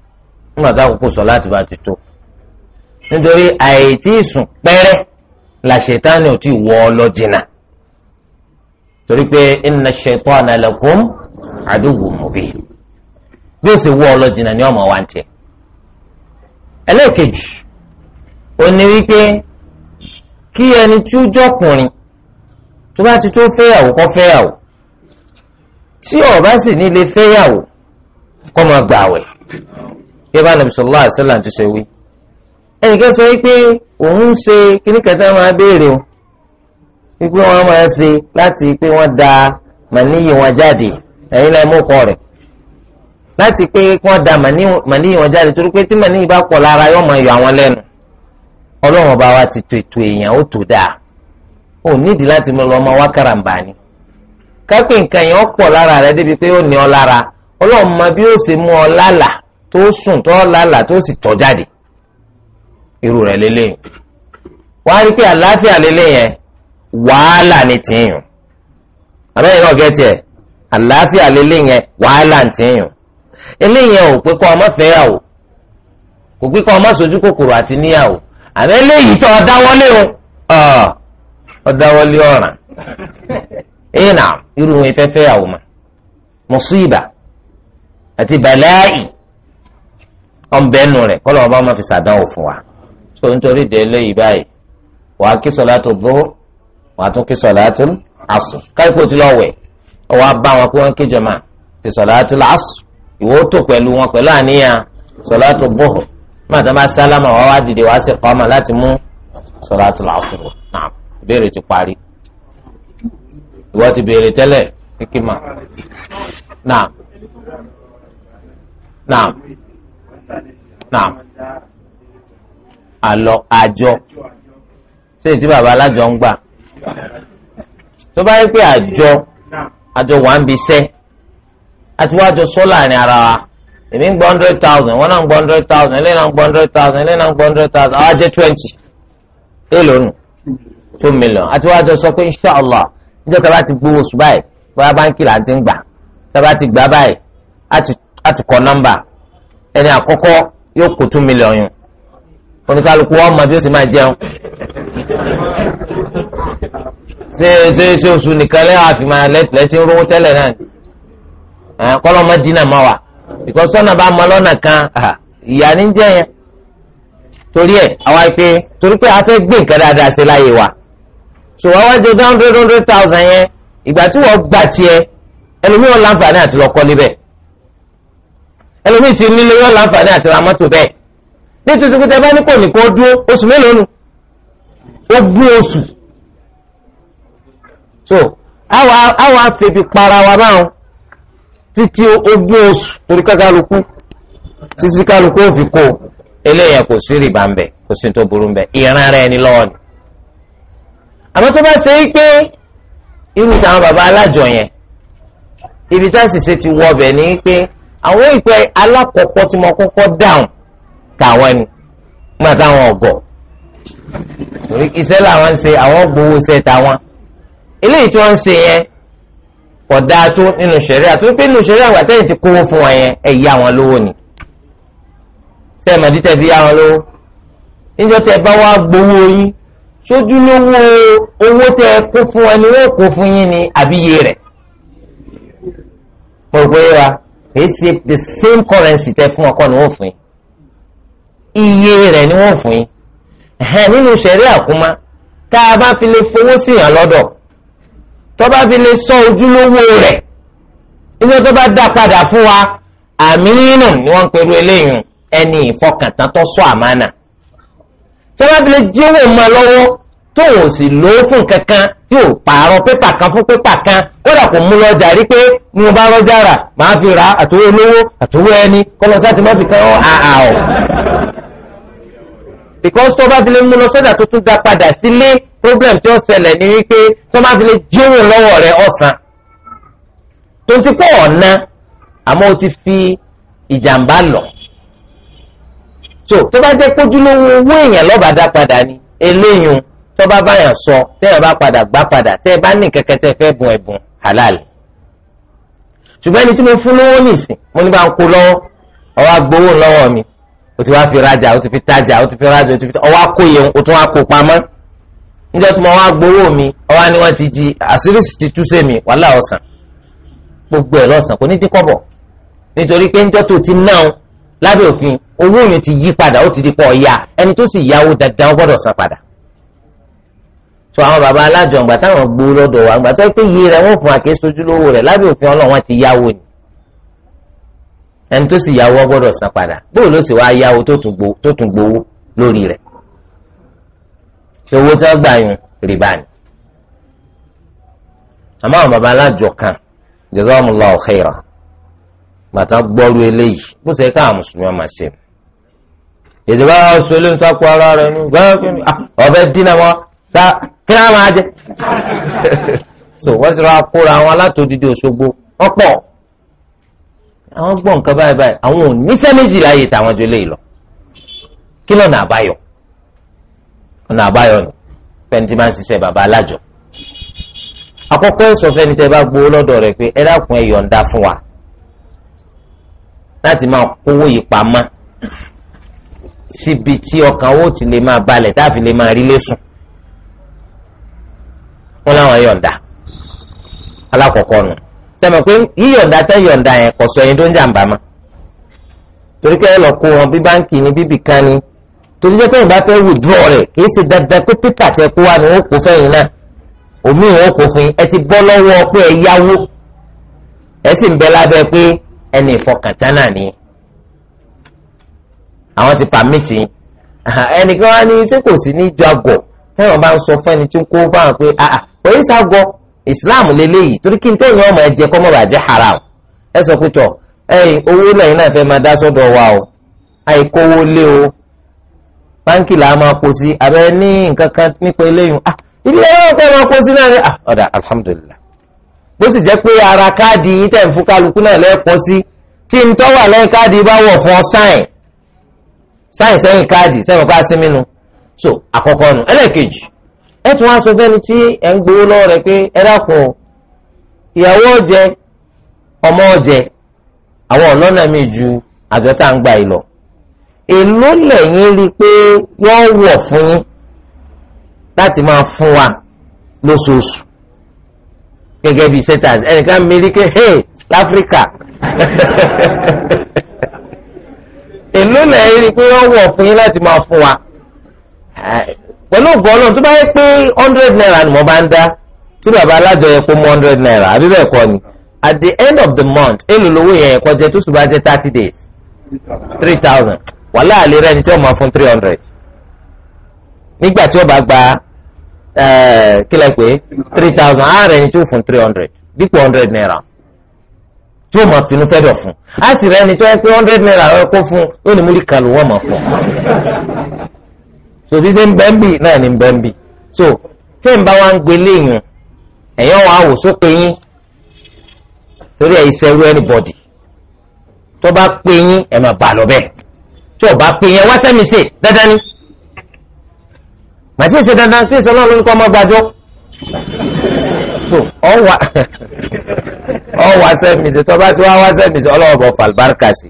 nígbà táwọn kò sọ láti bá ti tó nítorí àìtí sùn pẹ́rẹ́ la ò tí wọ ọ torí pé inna shaytana lakum bí ó sì wọ ni ọmọ wa ń tiẹ̀ ẹlẹ́ẹ̀kejì ó ní wípé kí ẹni tí ó jọkùnrin tó bá ti tó fẹ́yàwó fẹ́yàwó tí sì nílé fẹ́yàwó máa yẹ́bà nàbì sọ̀rọ̀ láàrin sẹ́là ti ṣe wí. ẹnìkan sọ pé òun ń ṣe kíní kẹta máa béèrè o wípé wọ́n máa ṣe láti pé wọn da màníyì wọn jáde ẹ̀yin láì mú kọ rẹ láti pé wọ́n da màníyì wọn jáde torí pé tí màníyì bá pọ lára yóò máa yọ àwọn ọba wa ti ètò èèyàn ó tó dáa nídìí láti mọ wá kàràǹbà ni yẹn ó pọ̀ lára rẹ débi pé ó ní ọ lára ọlọ́run bí ó ṣe tó sùn tó lálà tó sì tọ̀ jáde irú rẹ̀ lélẹ́yìn wàá rí pé àlàáfíà lélẹ́yìn wàhálà ní tìyàn àbẹ́yìn náà gẹ́tì ẹ̀ àlàáfíà lélẹ́yìn wàhálà ní eléyìn ò pé ọmọ fẹ́yàwó kò pé ọmọ sojú kòkòrò àti níyàwó àmọ́ eléyìí tó ọ̀dáwọlé o ọ̀dáwọlé ah, ọ̀ràn ìnà irú mà àti ọ̀nbẹ́nu rẹ̀ kọ́lọ́ ọba máa fi sàdánwò fún wa tó nítorí dé léyìí báyìí wàá kí sọ̀látù zuhur wàá tún kí sọ̀látù asr káyipò tí lọ́wẹ̀ ọwọ́ bá wọn pé wọ́n kí jàmá ti sọ̀látù asr ìwọ tó pẹ̀lú wọn pẹ̀lú àníyàn sọ̀látù zuhur máa tán bá sálámà wá wá dìde wá sí kọ́mà láti mú sọ̀látù asr náà ìbéèrè ti parí ìwọ ti béèrè tẹ́lẹ̀ kíkí mà náà náà naam àlọ àjọ ṣé tí bàbá alájọ ń gbà tó bá yẹ pé àjọ àjọ wà ń bi iṣẹ́ àti wọ́n àjọ sọ láàrin ara wa èmi ń gbọ́ hundred thousand wọ́n náà ń gbọ́ hundred thousand eléyìí náà ń gbọ́ hundred thousand eléyìí náà ń gbọ́ hundred thousand àwọn àjẹ twenty èèlò nù two million àti wọ́n àjọ sọ pé inshàlá níjọ́ tá a bá ti gbowó oṣù báyìí bóyá báńkì là ń ti ń gbà tá a bá ti gbà báyìí á kọ́ nọ́mbà ẹni àkọ́kọ́ yóò kó two million yẹn oníkálukú wọn mọ bí ó sì máa jẹun ṣé ṣé ṣé oṣù nìkan lẹ́yìn àfihàn lẹ́tí ń rówó tẹ́lẹ̀ náà kọ́lọ́ mọ́ dínà máa wà because sọ́nà bá mọ lọ́nà kan ìyá ní jẹ́ yẹn torí ẹ̀ àwa pé torí pé a fẹ́ gbé nǹkan dáadáa ṣe láyé wa so wọ́n wá jẹ́ hundred hundred thousand yẹn ìgbà tí wọ́n gbà tiẹ̀ ẹlòmíràn láǹfààní àti lọ́kọ́ níbẹ̀ ẹlòmíì ti nílé yọ láǹfààní àti ra mọ́tò bẹ́ẹ̀ ní tuntun kúta bá ní kò ní kó dúró oṣù mélòó nu ogún oṣù so àwa àwa àfẹbi para wa báwọn títí ogún oṣù torí kálukú títí kálukú òfin kó eléyà kò sí rìbá ń bẹ kò sí tó burú ń bẹ ìran rẹ ni lọ́wọ́ ni àmọ́ tó bá ṣe é pé irú táwọn baba alájọ yẹn ibi tá a sì ṣe ti wọ ọbẹ̀ ni pé àwọn ìpè alákọ̀ọ́kọ́ tí mo kọ́kọ́ dáhùn tàwọn ni nígbà táwọn ọ̀gọ̀ torí iṣẹ́ làwọn ń ṣe àwọn gbowó iṣẹ́ tàwọn eléyìí tí wọ́n ń ṣe yẹn kò dáa tó nínú ṣẹ̀ríà àti pé nínú ṣẹ̀ríà àwọn àtẹ̀yìn ti kówó fún wọn yẹn ẹ̀ yá wọn lówó ni tẹ́ ẹ̀ mọ̀ dítẹ̀ fi yá wọn lówó níjọ́ tẹ́ ẹ bá wá gbowó yín sójúlówó owó tẹ́ ẹ kó fún wọn ni wọ́n kó fún yín ni àbíyé rẹ̀ mo rò pé wa kìí ṣe the same currency tẹ fún ọkọ ni wọ́n fún yín iye rẹ̀ ni wọ́n fún yín ẹ̀hẹ́n nínú ṣẹ̀rí àkúmá tá a bá fi lè fowó sí yàn lọ́dọ̀ tó bá fi lè sọ ojúlówó rẹ̀ ilé tó bá dá padà fún wa àmínú ni wọ́n ń pẹ̀lú eléyìí ẹni ìfọkàntán tó sọ àmánà tó bá fi lè jíwò mọ́ lọ́wọ́ tóun ò sì lò ó fún kankan tí ò pààrọ̀ pépà kan fún pépà kan kódà kò mú lọ́jà rí pé ní mo bá rọ́jà rà màá fi rà àtúwò olówó àtúwò ẹni kọ́lọ́ sáti má fi kan ọ́ àà ọ̀. because tó bá fi lè mú lọ sọ́jà tó tún ga padà sílé problem tí ó ṣẹlẹ̀ ni wípé tó bá fi lè jówó lọ́wọ́ rẹ̀ ọ̀sán. tó ti pọ̀ ọ̀nà àmọ́ ó ti fi ìjàmbá lọ. so tó bá jẹ́ kójúlówó owó èèyàn lọ́bàdá padà ni eléyìí tó bá báyàn sọ téèyàn bá padà gbá padà tẹ́ ẹ bá ní kẹ̀kẹ́ tẹ́ fẹ́ bùn ẹ̀bùn halal ṣùgbọ́n ẹni tí mo fún lówó nìsín mo ní bá ń kó lọ́wọ́ ọwọ́ agbowó lọ́wọ́ mi o ti wá fi rajà o ti fi tajà o ti fi rajà o ti fi ọwọ́ akóye o tún wá kó pamọ́ níjọ́ tí mo wá gbowó mi ọwọ́ ni wọ́n ti di àṣírí ti tú sí mi wàhálà ọ̀sán gbogbo ẹ̀ lọ́sàn kò ní dín kọ́bọ̀ nítorí pé níjọ́ tó ti náà lábẹ́ òfin owó yẹn ti yí padà ó ti di pọ̀ ya ẹni tó sì yáwó dandan gbọ́dọ̀ san padà so àwọn baba alájọ ǹgbà táwọn gbó lọ́dọ̀ wa ǹgbà tó pé iye rẹ̀ wọ́n fún àké sojúlówó rẹ̀ lábẹ́ òfin ọlọ́wọ́n ti yáwó ni ẹni tó sì yáwó gbọ́dọ̀ san padà bóò ló sì wáá yáwó tó tún gbowó lórí rẹ̀ owó tí wọ́n gbà yun rìbá ni àmọ́ àwọn baba alájọ kan jazakumullahu khaira gbàtà gbọ́rú eléyìí bó ṣe ká àwọn mùsùlùmí ṣe ìdìbò àwọn sọlẹ́ ń sàkó sa kí náà máa jẹ so wọ́n ti rọra kóra àwọn alátòdìdì Òṣogbo ọ̀pọ̀ àwọn gbọ́ nǹkan báyìí báyìí àwọn ò níṣẹ́ méjì láàyè táwọn jọ léyìí lọ kí lọ́nà àbáyọ ọ̀nà àbáyọ ni fẹ́ntì máa ń ṣiṣẹ́ bàbá alájọ àkọ́kọ́ ẹ̀sọ́ fẹ́ni tẹ́ bá gbowó lọ́dọ̀ rẹ̀ pé ẹ dákun ẹ yọ̀ǹda fún wa láti máa kówó yìí pamọ́ síbi tí ọkàn ó ti lè máa balẹ̀ tá lè máa rí lé sùn. wọn làwọn yọ̀ǹda alákọ̀ọ́kọ́ nù sẹ́mi pé yíyọ̀ǹda tẹ́ yọ̀ǹda yẹn kò sọ ẹni tó ń jàǹbá ma torí pé ẹ lọ kó wọn bí báńkì ni bíbì kan ni torí pé tẹ́yìn bá fẹ́ dandan pé tẹ kó wa ni ó kó omi fún yín ẹ ti bọ́ lọ́wọ́ pé ẹ yáwó ẹ sì ń bẹ lábẹ́ pé ti ẹnìkan wá ní ṣé kò sí ní àgọ̀ tẹ́wọ̀n bá ń òye sago islam lélẹ́yìí torí kí n tẹ́yìn ọmọ ẹ̀jẹ̀ kọ́ mọ́ bàjẹ́ haram ẹ sọ pé tọ̀ ẹ̀yìn owó lẹ́yìn náà fẹ́ máa dá sọ́dọ̀ wa o àìkówó lé o báńkì là á máa kó sí abẹ́ ní nǹkan kan nípa eléyìí ah ibi ẹ̀rọ nǹkan máa kó sí náà ni ah ọ̀dà alhamdulillah bó sì jẹ́ pé ara káàdì yìí tẹ̀ ń fún kálukú náà lẹ́ẹ̀kọ́ sí tí n tọ́wà lẹ́yìn káàdì bá wọ̀ fún ọ sáìn sáìn sẹ́yìn káàdì sẹ́yìn ká sí so àkọ́kọ́ nu ẹlẹ́ẹ̀kejì ẹ tún wá sọ fẹ́ni tí ẹ̀ ń gbowó lọ́wọ́ pé ẹ dákun ìyàwó ọmọ ọ̀jẹ̀ àwọn ọlọ́nà mi ju àjọ tá à ń èló lẹ́yìn rí i pé wọ́n wọ̀ fún láti máa fún wa lóṣooṣù gẹ́gẹ́ bíi setas ẹnìkan hey láfíríkà èló lẹ́yìn rí i pé wọ́n wọ̀ fún yín láti máa fún pẹ̀lú ògbọ́n náà tó bá yẹ pé hundred naira ni mo bá ń dá tí bàbá alájọ yẹ kó mú hundred naira àbí bẹ́ẹ̀ ni at the end of the month èlò lówó yẹn kọ́ jẹ́ tó sì bá jẹ́ thirty days three thousand wàhálà àlè rẹ̀ ni tí ó máa fún three hundred nígbà tí ó bá gba kílẹ̀ pé three thousand ààrẹ ni tí ó fún three hundred dípò hundred naira tí ó máa finú fẹ́dọ̀ fún a sì rẹ̀ ni tí ó yẹ pé hundred naira rẹ̀ kó fún ó ní múlí kan wọ́n máa fún. so bí ṣe ń bẹ́ ń bì náà ni ń bẹ́ ń bì so tí n bá wa ń gbélé yùn ẹ̀yàn wà wò sópe yín torí ẹ̀ ìṣẹ̀rú anybody tó bá pé yín ẹ̀ máa bà lọ bẹ́ẹ̀ tí ò bá pé yín ẹ wá tẹ́mi sí dandan ni màtí ìṣe dandan tí ìṣe ọlọ́run kọ́ ọmọ gbàjọ́ so ọ̀wà ọ̀wà sẹ́mìsì tó bá ti wá wá sẹ́mìsì ọlọ́wọ́ bọ̀ fàlbárkà sí